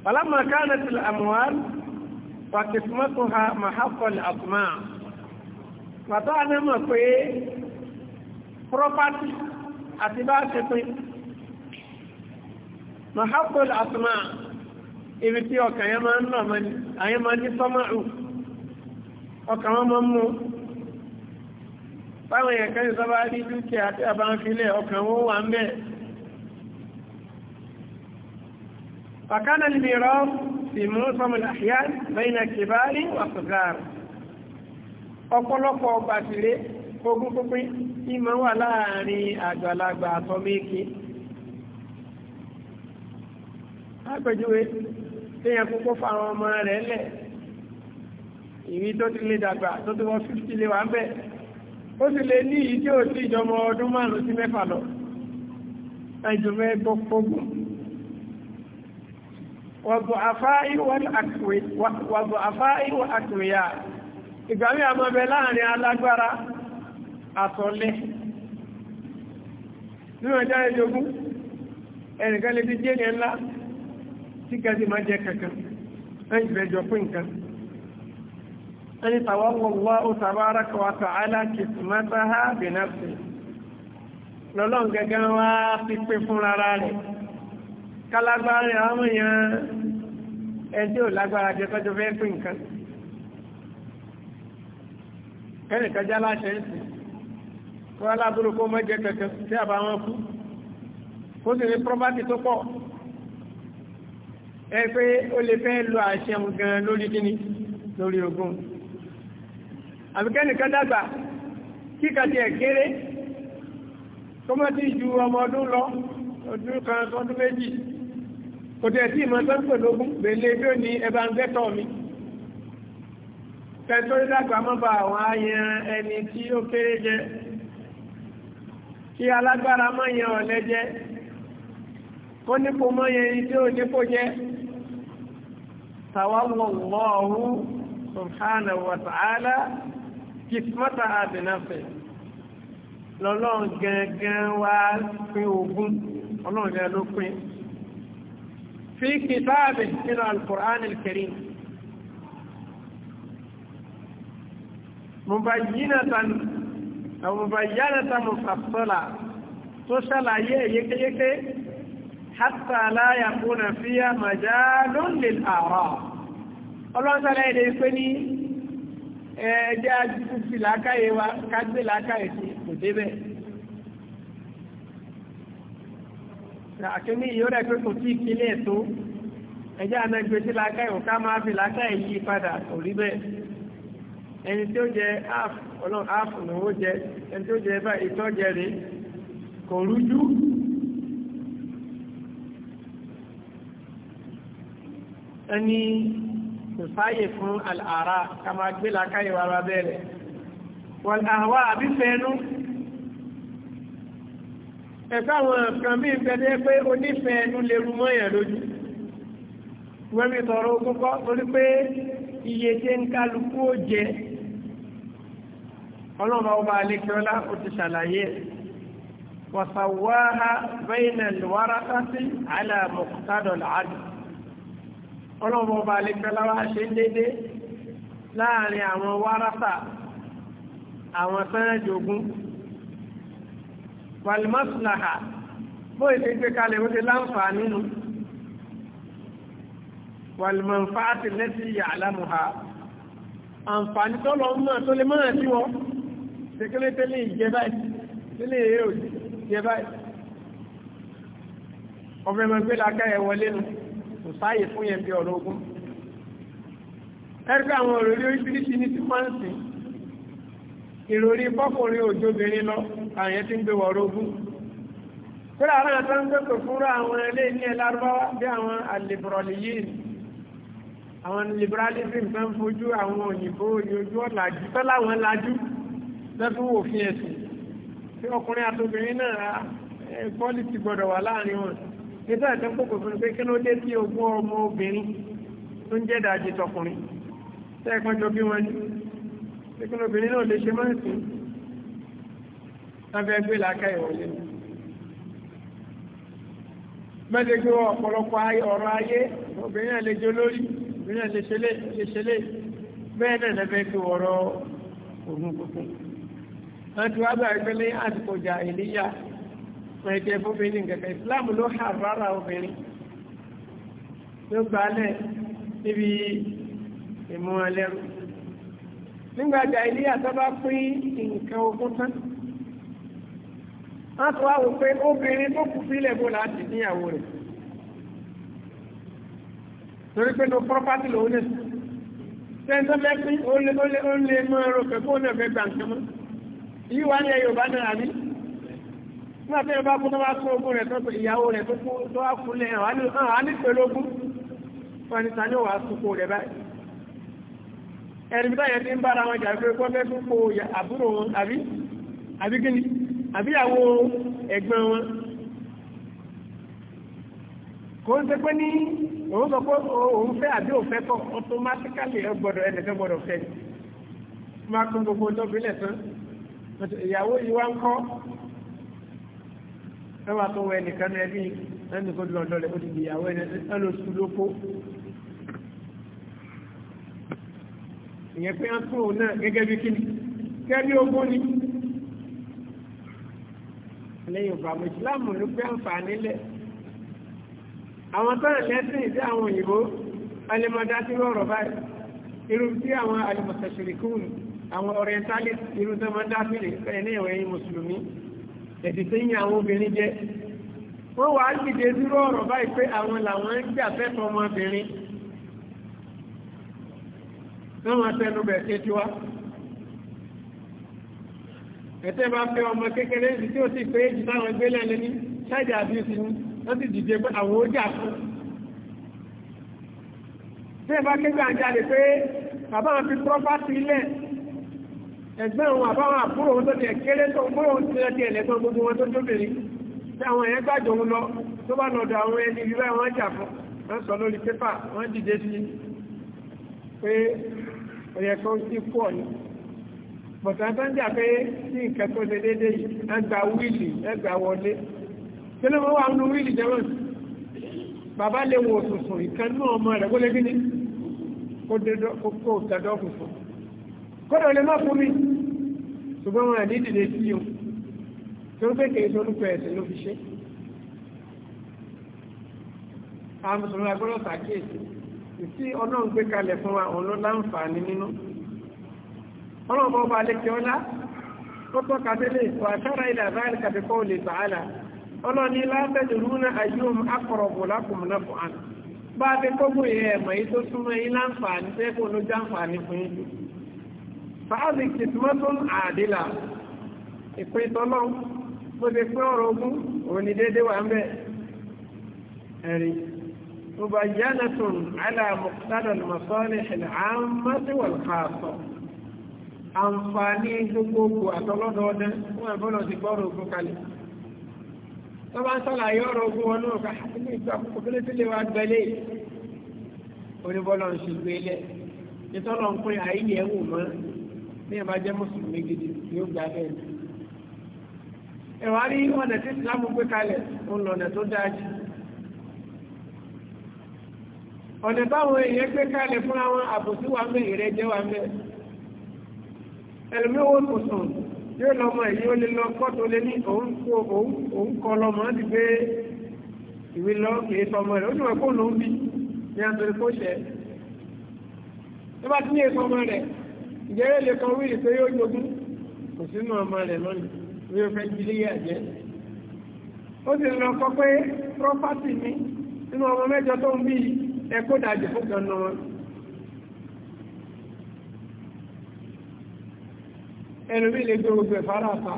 Falamma kanat al-amwal wa qismatuha mahaqqa property àti bá tẹ̀sìn mahaqqa al-asma' ibi tí ọkàn yẹn máa ń nà mọ́ ni àyẹn máa ní báwọn rí dúkìá a bá ń wọn wà ń bẹ̀. فكان الميراث في معظم الأحيان بين الكبار والصغار ọ̀pọ̀lọpọ̀ lápẹjúwe téèyàn kókó fáwọn ọmọ rẹ̀ lẹ̀ ìwí tó ti lè dàgbà tó ti wọ fífítì lè wà ń bẹ̀ ó sì lè ní ìdí òsì ìjọmọ ọdún márùn-ún sí mẹ́fà lọ ẹjùmọ́ ẹgbọ́ fógún wàbọ̀ àfá ìwọ̀ àkùnrìyà ìgbàmí àmọ́bẹ̀ láàrin alágbára àtọ̀lẹ́ nínú ọjọ́ ìjogún ẹnìkan lè fi jẹ́ ní ńlá tí kẹsì máa jẹ kankan ẹni ìrẹjọ pín nǹkan ẹni tàwọ́wọ́wọ́ ó tàbára kọwàtà alákìtìmọ́tà ha bìnàfẹ́ lọ́lọ́n gẹ́gẹ́ wá fi pé fún rárá rẹ̀ kálágbárin àwọn èèyàn ẹni tí ò lágbára jẹ tọ́jú fẹ́ pín nǹkan kẹ́nìkan já láṣẹ ń sìn kó aláburú kó mọ́ jẹ kankan tí àbáwọn kú kó sì ní pírọ́bátì tó pọ̀ ẹ pé ó lè fẹ́ lo àṣẹ gan lórí kíní lórí ogún àbíkẹ́nìkan dàgbà kíkà tí ẹ̀ kéré kọ́mọ́ tí ju ọmọ ọdún lọ ọdún kan ọdún méjì kò tẹ̀ sí ìmọ̀ tó ń pè lógún gbèlè bí ó ní ẹbà ń gẹ́tọ̀ mi kẹtọ́rí dàgbà mọ́ bá àwọn ayan ẹni tí ó kéré jẹ kí alágbára mọ́ yan ọ̀lẹ jẹ kó nípo mọ́ yẹn tí ó nípo jẹ tawalla Allahu subhanahu wa ta'ala kìtìmọ́ta àbìnáfẹ́ lọ́lọ́run gẹ́gẹ́ wá pín ogun ọlọ́run gẹ́gẹ́ ló pín fi kìtàbì nínú al-Qur'an al-Karim mubayyinatan aw mubayyanatan mufassala tó ṣàlàyé yékéyéké hátà láyà kúnà fi yá màjá lónìí àárọ̀ ọlọ́sọ̀rọ̀ èdè pé ní ẹjẹ́ àjíkú fi làákàyè wa kágbé làákàyè sí kò débẹ̀ àkíní yóò rẹ̀ pé kò tí ìkílẹ̀ tó ẹjẹ́ ànágbé sí làákàyè ò ká máa fi làákàyè yí padà kò rí bẹ́ẹ̀ ẹni tí ó jẹ áàfù ọlọ́run áàfù lòó jẹ ẹni tí ó jẹ bá ìtọ́jẹ rèé kò rújú ẹni kò sáyè fún àlàárá ká máa gbé làákàyè wa bá bẹ̀rẹ̀ wọ́n àwa àbí fẹ́ẹ́nú ẹ̀fẹ́ àwọn kan bí ìfẹ́dẹ́ pé onífẹ́ẹ́nú lè rú mọ́yàn lójú wọ́n mi tọrọ kókó torí pé iye tí ń kálukú ó jẹ ọlọ́mọ ọba alẹ́kẹ́ọ́lá ó ti ọlọ́mọ ọba alẹ́kẹ́láwà ṣe dédé láàrin àwọn wárásà àwọn sẹ́rẹ̀jogún walimaslaha bó ilé gbé kalẹ̀ ó ti láǹfà nínú walimanfaati lẹ́sí ya'lamuha àǹfààní tó lọ mọ́ tó lè mọ́ràn sí wọ́n tẹ́kẹ́lẹ́ tẹ́lẹ̀ ìjẹ báyìí tẹ́lẹ̀ èyí ò jẹ báyìí ọ̀fẹ́ mọ̀ gbé lákàyẹ̀ wọlé nù kò sáyè fún yẹn bí ọlọ́gún ẹgbẹ́ àwọn òròrí oríṣiríṣi ní tí wọ́n ń sìn ìròrí bọ́kùnrin òjòbìnrin lọ àyẹ̀ tí ń gbé wọ̀rọ̀gún kúrò àwọn àtọ́ ń gbẹ́kọ̀ fúnra àwọn ilé ní ẹlárúbáwá bí àwọn àlèbọ̀rọ̀lì yìí àwọn liberalism tó ń fojú àwọn òyìnbó ojú ọ̀làjú tó láwọn lájú lẹ́fún òfin ẹ̀sìn nígbà tó ń kókò fún pé kí ló dé tí ogún ọmọ obìnrin tó ń jẹ́ ìdajì tọkùnrin tẹ́ẹ̀kan jọ bí wọn ní pé kí lóbìnrin náà lè ṣe máa ń sìn lábẹ́ gbé làákà ìwọ̀lẹ́ nù mẹ́lẹ̀ gbé ọ̀pọ̀lọpọ̀ ọ̀rọ̀ ayé obìnrin náà lè jẹ́ olórí obìnrin náà lè ṣẹlẹ̀ bẹ́ẹ̀ náà lẹ́fẹ́ gbé ọ̀rọ̀ ògùn kòkó wọ́n ti wá gbà pé ní àsìkò ìníyà wọ́n jẹ́ fóbìnrin kẹ̀kẹ́ islam ló hà rárá obìnrin ló gbalẹ̀ níbi ìmú ẹlẹ́rú nígbàjà ilé àtọ́bá pín nǹkan ogún tán wọ́n tó wá wò pé obìnrin tó kù sílẹ̀ bó láti níyàwó rẹ̀ torí pé no property lòun lè sẹ́ńtọ́ bẹ́ẹ̀ pín ó lè mọ ẹrọ pẹ̀lú òun náà fẹ́ gbà nǹkan mọ́ yíwá ní ẹ̀yọ̀ bá náà rí nígbà tí ẹbá kú tó bá kú ogún rẹ̀ tó ìyàwó rẹ̀ tó kú tó wá kú lẹ́ àwọn anípelógún wọn ni ta ni wàá sùkú rẹ̀ báyìí ẹ̀rìmítà yẹn ti ń bára wọn jà pé kọ́ fẹ́ sùkú àbúrò wọn àbí àbí kíni àbí àwọ ẹ̀gbọ́n wọn kò ń ṣe ní òun sọ ẹwà tó wẹ nìkan ní ẹbí ẹni kó lọ lọlẹ̀ ti gbìyàwó ẹni ẹlò sí lóko ìyẹn náà gẹ́gẹ́ bí kíni kẹ́bí ogún ni lẹ́yìn ọ̀pọ̀ àmọ́ ìsìláàmù ló pé àǹfààní lẹ̀ àwọn tó lẹ́sìn ìdí àwọn òyìnbó alẹ́mọ̀dá sí rọ̀rọ̀ báyìí irú tí àwọn alẹ́mọ̀sẹ̀ṣẹ̀rìkún àwọn orientalist irú tó máa dá sílẹ̀ ẹni ẹ̀wẹ̀ yìí mùsùlùmí ẹ̀dì tí ń yà àwọn obìnrin jẹ́ wọ́n wà á dìde dúró ọ̀rọ̀ báyìí pé àwọn làwọn ń gbà fẹ́tọ̀ ọmọbìnrin wọ́n máa tẹnu bẹ̀ ṣe tí wá ẹ̀tẹ́ bá fẹ́ ọmọ kékeré ìdí tí ó sì pé èjì táwọn gbélé ẹni ní ṣáìdì àbíyèsí ni wọ́n sì dìde pé àwọn ó jà fún tẹ́ bá kékeré àjáde pé bàbá wọn fi pọ́pátì ilẹ̀ ẹgbẹ́ àwọn àbáwọn àbúrò wọn tó ti ẹ̀kẹ́lẹ́ tó gbọ́ wọn tó ti ẹ̀lẹ́gbọ́n gbogbo wọn tó jóbìnrin tí àwọn èèyàn gbàjọ ń lọ tó bá lọ́dọ̀ àwọn ẹni ìrírá wọn jà fún wọn sọ lórí pépà wọn dìde sí pé òyẹ kan sí pọ̀ ni bọ̀tà tó ń jà pé sí nǹkan tó ṣe déédéé yìí ẹgbà wíìlì ẹgbà wọlé kí ló wà nínú wíìlì jẹ́wọ́n bàbá lè wo òṣùṣùn ìkànnú ọmọ rẹ̀ kó lé kí ni kó tẹ̀dọ́ fùfù kódà lè má fún mi ṣùgbọ́n wọn àdé dìde sí o tó ń kéèké tó ń pẹ ẹ̀sìn ló fi ṣe àwọn mùsùlùmí agbọ́dọ̀ ṣàkíyèsí tí ọlọ́run gbé kalẹ̀ fún wa òun ló láǹfààní nínú ọlọ́run bọ́ bá lẹ́kẹ́ ọlá ó tọ́ka délé wà sára ilẹ̀ àbáyé kàbíkọ́ lè bàálà ọlọ́ni látẹ̀dùrúnà àyíòm akọ̀rọ̀bù lákùnmùnà fún àná bá a ti kọ́gbó yẹ ẹ̀mọ̀ yìí tó súnmọ́ yín láǹfààní tẹ́kùn ló jáǹfààní fún yín fàáàbì kìtìmọ́tún àdìlà ìpín tọ́lọ́ bó ṣe pé ọ̀rọ̀ ogún òun ni déédé wà ń bẹ̀ ẹ̀rí tó bá yánà tún aláàmùkútàdàn mọ̀sọ́lẹ̀ ẹ̀lẹ́hàmásíwọ̀lùkààtọ̀ àǹfààní gbogbogbò àtọlọ́dọọdẹ fún ẹ̀bọ́nà ti gbọ́rọ̀ ogún kalẹ̀ tó bá ń sọ́làyé ọ̀rọ̀ ogún wọn náà káàkiri ìgbà kòkòrò tí lè wá gbẹ̀lẹ̀ oníbọ́lọ̀ ń ní ẹ̀ máa jẹ́ mùsùlùmí gidi yóò gba bẹ́ẹ̀ ni. ẹ̀wà rí ọ̀nà tí ìsìlámù gbé kalẹ̀ ń lọ̀nà tó dáa jù. ọ̀nà táwọn èèyàn gbé kalẹ̀ fún àwọn àbòsí wa mẹ́ ìrẹ́ jẹ́ wa mẹ́. ẹlòmíì wọn kò sùn yóò lọ ọmọ èyí ó lè lọ kọ́tò lé ní òun kó òun kọ lọmọ ti gbé ìwé lọ kìí sọmọ rẹ̀ ó sì wọ́n kó lóun bí ní àtòrí kó bá ti ní èso ọmọ rẹ̀ ìjẹ́rẹ́ lè kan wíìlì pé yóò jogún kò sínú ọmọ rẹ̀ lónìí bí ó fẹ́ jílé yà jẹ́ ó sì lọ kọ́ pé prọ́pátì mi nínú ọmọ mẹ́jọ tó ń bí ẹkó dàjẹ́ fún kan náà ẹnu mi lè gbé gbogbo ẹ̀fárá àfà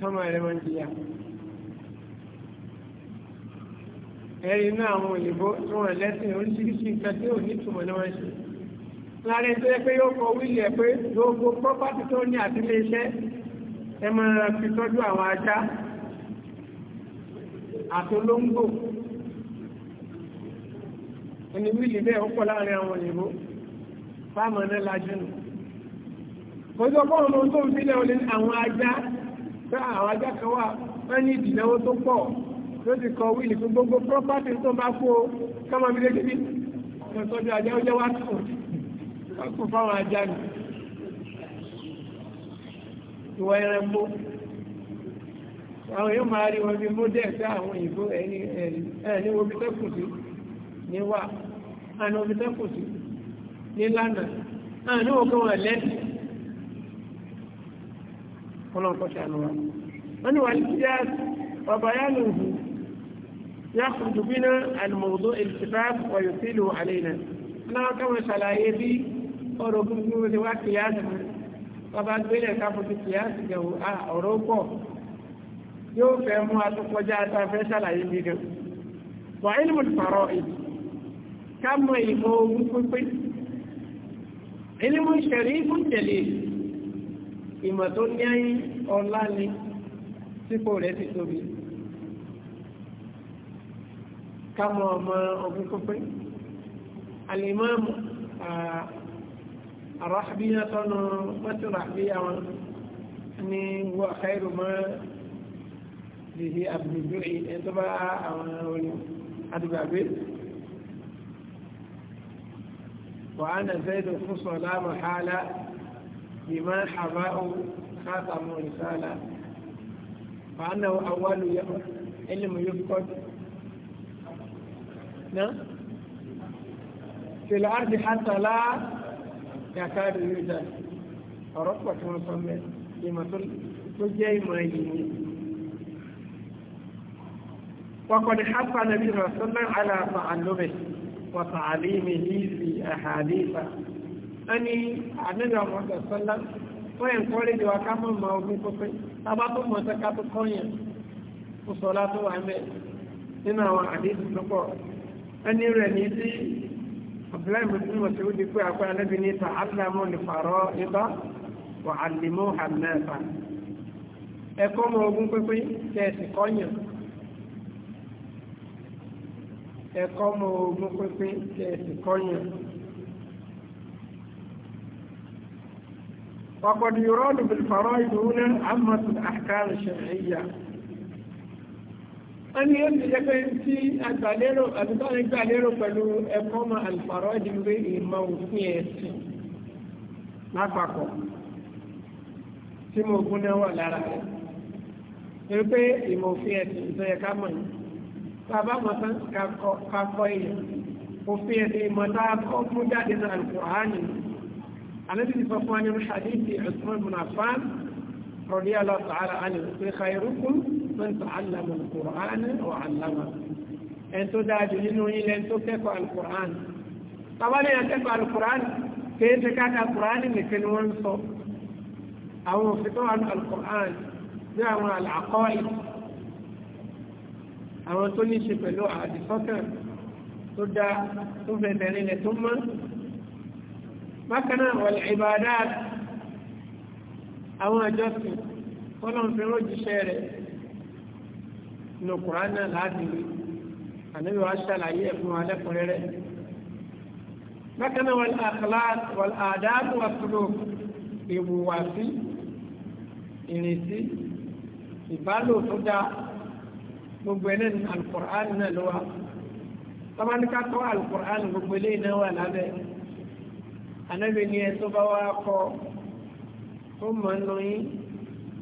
kọ́mọ rẹ̀ máa ń jìyà ẹ̀rí inú àwọn òyìnbó tí wọ́n lẹ́sìn oríṣiríṣi nǹkan tí ò ní ìtumọ̀ ní wọ́n ṣe láàrin tó yẹ pé yóò kọ wílì ẹ̀ pé gbogbo pọ́pátì tó ní àti ilé iṣẹ́ ẹ máa fi tọ́jú àwọn ajá àtolóńgbò ẹni wílì bẹ́ẹ̀ ó pọ̀ láàrin àwọn òyìnbó fáàmù náà lajú nù kọjọ bọ́ọ̀lù ohun tó ń fi lẹ́wọ̀n ní àwọn ajá pé àwọn ajá kan wà wọ́n ní ìdìnáwó tó pọ̀ ló ti kọ wílì fún gbogbo pọ́pátì tó bá kó kọ́mọ mi lé débi ìtọ́jú ajá ó jẹ́ wá ọkùn fáwọn ajá ni ìwọ ẹranko àwọn yóò máa rí wọn bí mọ́dẹ̀ sí àwọn òyìnbó ẹni ẹni wo bí tẹ́kù sí ní wà àni wo bí tẹ́kù sí ní lánà àni wo kọ́ wọn lẹ́sìn ọlọ́nkọ́ sànù wa wọ́n ni wà ní kíjá ọba yá ló hù يخرج بنا الموضوع الكتاب ويثيله علينا. أنا كما سلايبي ọ̀rọ̀ ogun bí wọ́n ti wá kìláàsì mọ́ bàbá gbélé káfọ́ ti kìláàsì jẹ̀wò ah, ọ̀rọ̀ pọ̀ yóò fẹ́ mú atúkọjá afẹ́ ṣàlàyé mi gan. wà á ilmu fàrọ̀ ìdí ká mọ ìmọ̀ ogun pínpín ilmu ìṣẹ̀rí fún tẹ̀lé ìmọ̀ tó ní ayé ọ̀la ni sípò rẹ̀ ti tóbi ká mọ ọmọ ogun pínpín alimami. Ah, الرحبية ما ترحبية أني هو خير ما به أبن جوعي إنتبع أدب أبيل وأنا زيد الخصوة لا محالة بما حباء خاتم رسالة فأنه أول علم يفقد نعم. في الأرض حتى لا yàtàdù yúdà ọ̀rọ̀ pọ̀ tí wọ́n sọ mẹ́ ìmọ̀ tó jẹ́ ìmọ̀ ẹ̀yìn ni. وقد حث النبي صلى الله عليه وسلم على تعلمه وتعليمه في أحاديثه ẹni àníbà mọ́tò sọ́lá wọ́n yẹn kọ́ lédè wa ká mọ̀ mọ́ ogún pípé tábà tó mọ̀ sẹ́ ká tó kọ́ yẹn kó sọ́lá tó wà mẹ́ nínú àwọn àdéhùn tó pọ̀ ẹni rẹ̀ ní sí abdullahi musulmi masuwu di pé akọ anabi ní ta alamu ní farọ ibà wà alimu hanafa ẹ̀kọ́ ọmọ ogun pínpín tẹsí kọyàn ẹ̀kọ́ ọmọ ogun pínpín tẹsí kọyàn. وقد يراد بالفرائض هنا عامة الأحكام الشرعية wọ́n ní yóò ti jẹ́ pé tí agbàlérò àti tọ́ni gbàlérò pẹ̀lú ẹ̀kọ́ ọmọ àlùfàrọ́ di wé ìmọ̀ òfin ẹ̀sìn lápapọ̀ tí mo gún náà wà lára rẹ̀ torí pé ìmọ̀ òfin ẹ̀sìn ìtọ́yẹ ká mọ̀ ní bàbá mọ̀tán ká kọ́ èèyàn òfin ẹ̀sìn ìmọ̀ tá a kọ́ mú jáde náà al àlejò ti sọ wa nínú hadithi Usman bin Affan radiyallahu ta'ala anhu pé man ta'allama al-Qur'ana wa 'allamahu ẹn tó dájú nínú ilẹ̀ tó kẹ́kọ̀ọ́ al-Qur'an tàbálẹ̀ yẹn kẹ́kọ̀ọ́ al-Qur'an kìí ṣe káàkà al-Qur'an nìkan ni wọ́n ń sọ àwọn òfin tó wà ní al-Qur'an bí ṣe pẹ̀lú àdìsọ́kàn tó dá tó fẹ̀fẹ̀ nílẹ̀ tó mọ́ bákan náà wal àwọn àjọsìn kọ́lọ̀ ń fi rọ́jìṣẹ́ rẹ̀ nínú Kùránì náà láti rí ànábì wa ṣàlàyé ẹ̀ fún wa lẹ́kùnrẹ́rẹ́. bákan náà wal akhlaq wal adab wa suluk ìwùwàsí ìrìnsí ìbálò tó dáa gbogbo ẹ̀ náà ní Al-Kùránì náà ló wà tọ́mọ́ni ká kọ́ alukur'an gbogbo ilé iná wà lábẹ́ anábì ni ẹ tó bá wá kọ́ tó mọ̀ ń lóyún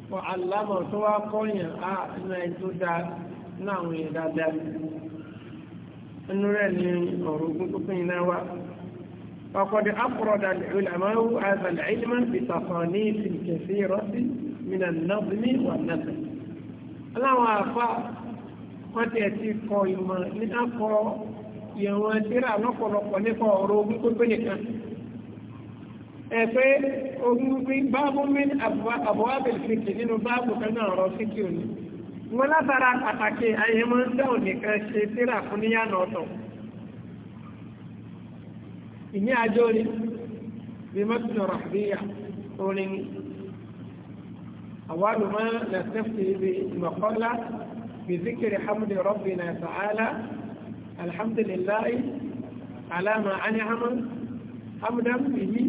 wọ́n alámọ̀ tó wá kọ́ yàn á nà tó dáa ní àwọn èèyàn dáadáa inú rẹ̀ ni ọ̀rọ̀ ogun tó pín iná wa ọkọ̀dé akọ̀rọ̀dà ìlàmáwó àzàlẹ̀ ìlímọ̀ ìtàkàn ní ìfìkẹsí rọ́sí mìíràn náà ní wà náà aláwọn àfa wọ́n ti ẹ̀ ti kọ ìmọ̀ ní akọ ìwọ̀n tíra lọ́pọ̀lọpọ̀ nípa ọ̀rọ̀ ogun tó pín nìkan ẹ̀fẹ́ ogun pín báàbù mi àbúwábẹ̀ fìkì nínú báàbù kan náà rọ fìkì òní wọn látara pàtàkì àyẹ̀mọ́ dáhùn nìkan ṣe tíra fún níyànà ọ̀tọ̀ ìní àjọ ni bí mọ́tò ràbíyà orin àwálùmọ́ lẹ́sẹ̀fì ibi ìmọ̀kọ́lá bí zikiri hamdi rabbina ta'ala alhamdulillahi alama anihama hamdan bihi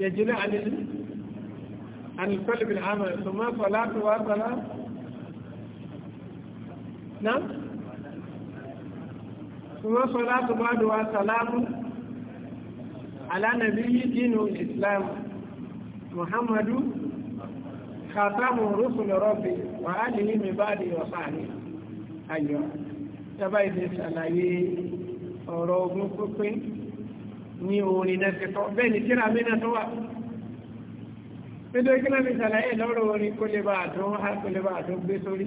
yajina anil عن القلب العمل ثم صلاة وصلاة نعم ثم صلاة بعد وسلام على نبي دين الإسلام محمد خاتم رسل ربي وآله من بعد وصحبه أيوه sábà ìdè ṣàlàyé ọ̀rọ̀ ogun pínpín ní orin náà tọ́ bẹ́ẹ̀ ni kíra mi tó wà nítorí kí lọ́nà ìṣàlàyé lọ́rọ̀ orin kó lè bá àtún ha kó lè bá àtún gbé sórí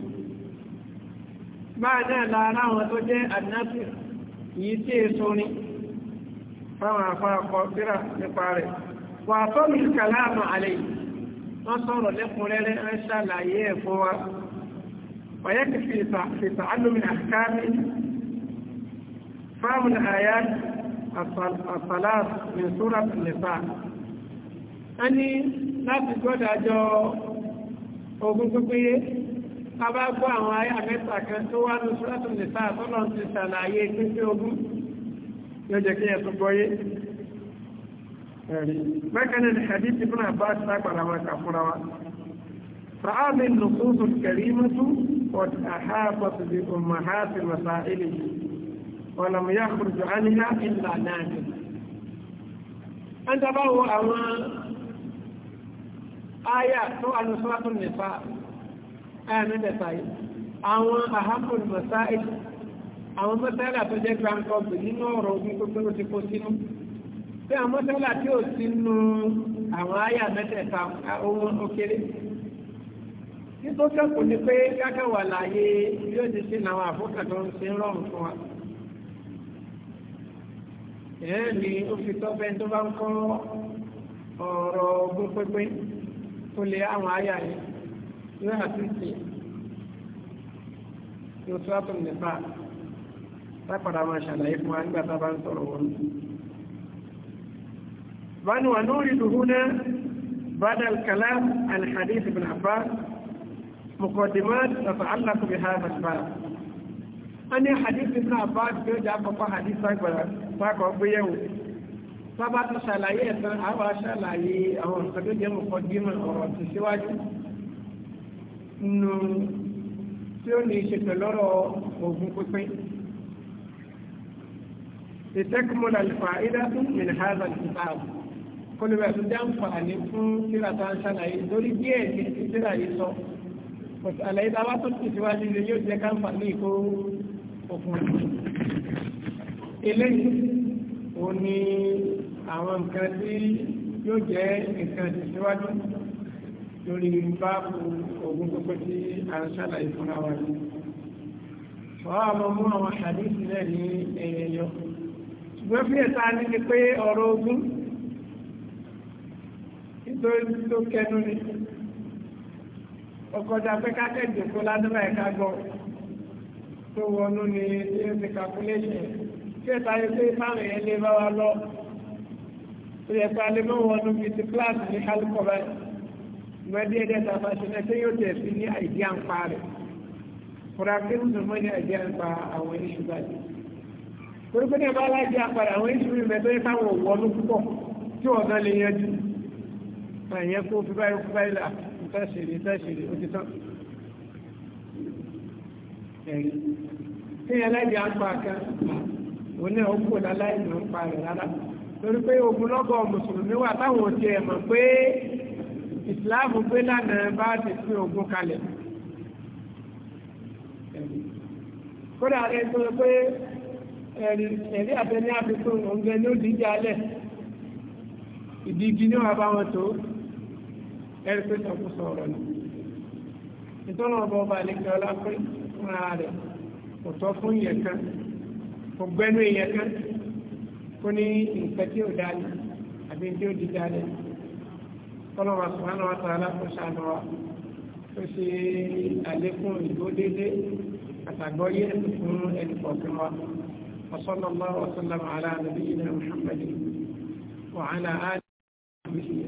báà náà lára àwọn tó jẹ́ àdínápì yìí tí è sórin fáwọn àfáàkọ síra nípa rẹ̀ wà tó mi kàláàmù àlẹ́ wọ́n sọ̀rọ̀ lẹ́kùnrẹ́rẹ́ ń láti gbọ́dájọ́ ogun pípéyé a bá gbọ́ àwọn ayá mẹ́ta kan tó wá ní ṣúlátù nìta àtọ́lọ̀ ti sàlàyé pípé ogun yóò jẹ́ kí ẹ̀tún gbọ́yé mẹ́kànnì hadithi fún àbá sápàdà wọn kà wa fa'adì nùsùsù kẹrìmùtù wọ́n àhápọ̀tù bí ọmọháàtì masáìlì wọ́n làmúyà kùrùjù ìlànà àjẹ́ aya tó alùsọ́tún nìfà áyà mẹ́tẹ̀ẹ̀ta yìí àwọn ahamud masáìl àwọn mọ́sálà tó jẹ́ grand cup nínú ọ̀rọ̀ ogun tó ti kó sínú pé àwọn tí àwọn aya ohun òkèrè pé kákà wà láàyè yóò ti sí tó ń rọrùn fún wa ó fi tó lè àwọn àyà yìí yóò hàn sí sí yóò tó àtọ̀ nípa lápàdà máa ṣàlàyé fún wa nígbà tá a bá ń sọ̀rọ̀ wọn. bánu wa nuridu huna ba'da al-kalam an hadith ibn Abbas muqaddimat tata'allaqu bi hadha al-bab a hadith ibn Abbas tó jẹ́ àkọ́kọ́ hadith sáàkọ̀ gbéyẹ̀wò sábà tó ṣàlàyé ẹ̀sán àwọn aṣàlàyé àwọn nǹkan tó jẹ́ mọ̀kọ́ dímọ̀ ọ̀rọ̀ tó síwájú nù tí ó ní ṣe pẹ̀lú ogun pínpín. ìtẹ́kùmọ̀lá al-fa'ida min hadha al-kitab kólébà tó dá ń fa àní fún síra tó ń ṣàlàyé lórí díẹ̀ ní ti síra yìí sọ pẹ̀lú àlàyé tá a bá tó síwájú ni yóò jẹ́ ká ìkó òkun. eléyìí ò àwọn nǹkan tí yóò jẹ́ nǹkan ìtẹ̀síwájú lórí báàbù ogun pípẹ́ tí a ń ṣàlàyé fúnra wa ní. Wọ́n á mọ àwọn àdéhùn náà ní ẹ̀yẹyọ. Ṣùgbọ́n bí ẹ̀ta ní ni pé ọ̀rọ̀ ogun nítorí tó kẹnu ni. Ọkọ̀jà pé kákẹ́jì kó ládùúgbà ẹ̀ka gbọ́ tó wọnú ni tí ó ti kàkúlé yẹn. Bí ẹ̀ta ní pé fáwọn èèyàn lè bá wa lọ tó yẹ pé alẹ́ mọ́wọ́ ọdún bíi ti kíláàsì ní kálíkọ̀ báyìí ìgbà díẹ̀ díẹ̀ tàbá ṣe náà tó yóò tẹ̀ sí ní àìdí àǹpa rẹ̀ fúra pé ń sùn mọ́ ní àìdí àǹpa àwọn iṣu báyìí torí pé ní ẹ̀bá aláìdí àǹpa rẹ̀ àwọn iṣu mi mẹ́tọ́ yẹ káwọn òwò púpọ̀ tí wọ́n gan lè yanjú àyẹ̀ kó fi báyìí fi báyìí là nǹkan ṣèlè nǹkan ṣèlè ó ti tán ẹ̀rí tí aláìdí àǹpa kan òun náà ó kò torí pé ogunlọ́gọ̀ mùsùlùmí wà táwọn ti ẹ̀ mọ̀ pé ìsìláàmù gbé lánàá bá ti fi ogun kalẹ̀ kódà rẹ̀ tó pé ẹ̀rí àtẹni àfikún oúnjẹ ní òdíjẹ alẹ̀ ìdí igi bá wọn tó ẹ̀rí pé sọ̀kú sọ̀rọ̀ ni ìtọ́nà ọba ọba àlekẹ́ ọlá pé fúnra rẹ̀ kò tọ́ fún ìyẹn kan kò ìyẹn kan kó ní nǹkan tí ó dání àbí tí ó di dání kọ́lọ́wà sùnmọ́nà wa tààlà kó ṣàánú wa tó ṣe àlékún ìgbó dédé àtàgbọ́yé fún ẹnì kọ̀ọ̀kan wa وصلى الله وسلم على نبينا محمد وعلى آله